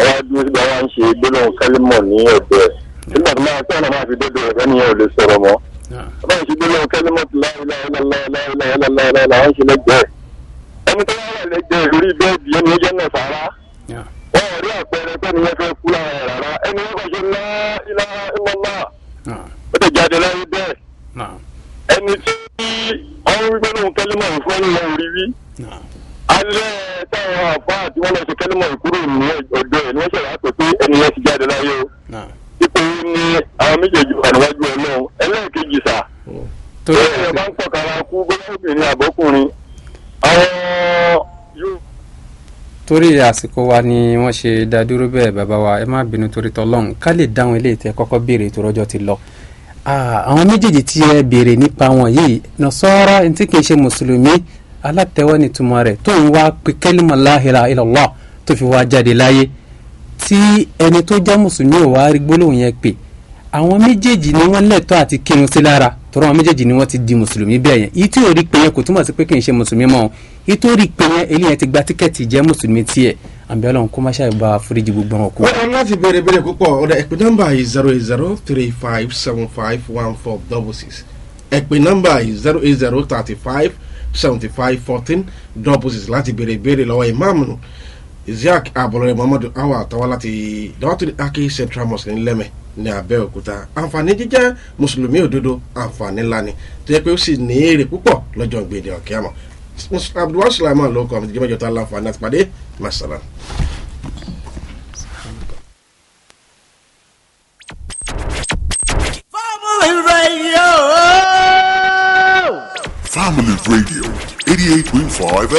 ọwọ́ adúlọ́ síbẹ̀ wá ń ṣe gbólóhùn kálímọ̀ ní ọ̀dọ̀ ẹ̀ nígbà tó máa sọ̀rọ̀ máa fi dọ́dọ̀ ẹ̀ fẹ́ni yẹn ò lè sọ̀rọ̀ mọ́ ọba ìṣe gbólóhùn kálímọ̀ ti láìláìláìláìláìláìláìláìláìláì ẹni tó wá wà lẹ́gbẹ̀ẹ́ lórí bẹ́ẹ̀dì ẹni ó jẹ́ náà sára wọn ò rí àpẹẹrẹ pé ẹni yẹn fẹ́ kú lára ẹ̀ rárá ẹni yẹn kàn ṣe ńlá ilá ìmọ̀lá ó ti jáde láyé bẹ́ẹ̀ ẹni tí ọ̀run gbẹ́nu kẹ́lí náà fún ẹni yẹn ò rí wí alẹ́ táwọn àfa àti wọn lọ sí kẹ́lẹ́mọ̀ ìkúrò ní ọ̀dọ́ ẹ̀ ní wọ́n ṣẹ̀dá pé pé ẹni yẹn ti jáde láyé o. ipò ní àwọn méjèèjì wà níwájú ọlọ́run ẹlẹ́ẹ̀kejì sà. torí ẹ̀ bá ń pọ̀ kára kú bóyá obìnrin àbọ́kùnrin àwọn yóò. torí àsìkò wa ni wọ́n ṣe dá dúró bẹ́ẹ̀ bàbá wa ẹ má bínú torí tọ́lọ́run ká lè dáhùn eléyìí tẹ́ kọ́kọ́ béèrè tó rọ́jọ́ ti lọ ah, àwọn méjèèjì tí ẹ béèrè nípa wọn yìí nọ̀sọ́rọ́ ntí kìí ṣe mùsùlùmí alátẹ̀wọ́ nìtumọ̀ rẹ̀ tó ń wá pe kẹ́límà la ilaha illallah tó fi wá jáde láyé tí ẹni tó jẹ́ mùsùlùmí ò wá rí gbólóhùn yẹn pé àwọn méjèèjì ni wọ́n lẹ́tọ́ àti kírun sí lára tọ́rọ àwọn méjèèjì ni wọ́n ti di mùsùlùmí bẹ́ẹ̀ yẹn ìtí ò rí pé yẹn kò túmọ̀ sí pé kì í ṣe mùsùlùmí mọ́ ìtí ò rí pé yẹn eléyẹn ti gba tíkẹ́ẹ̀tì jẹ́ mùsùlùmí tiẹ̀ àbí ọlọ́run kó má ṣàì bá foríjì gbogbo wọn kú. wọ́n láti bẹ̀rẹ̀ bẹ̀rẹ̀ púpọ̀ ọ̀dà ẹ̀pè nọ́mbà yìí zero eight zero three five seven five one four double six ẹ̀pè nọ́mbà yìí zero eight zero thirty five seventy five fourteen dọ́pọ̀sì láti béèrè ìbéèrè lọ́wọ́ ìmáàmù nù isiaq abọ̀lọ́rẹ̀ muhammadu awa àtàwọn láti dawatuli ake central mosque ní lẹ́mẹ̀ ní abẹ́òkúta àǹfààní jíjẹ́ mùsùlùmí òdodo àǹfààní ńlá ni tó yẹ pé ó sì ní èrè púpọ̀ lọ́jọ́ gbèdé ọ̀kẹ́ àmọ́ abdulwa sulaiman ló kọ àmì jíjẹ́ mẹ́jọ tá láǹfààní àti pàdé masala. fáwọn ìrẹ̀yìn Family Radio 88.5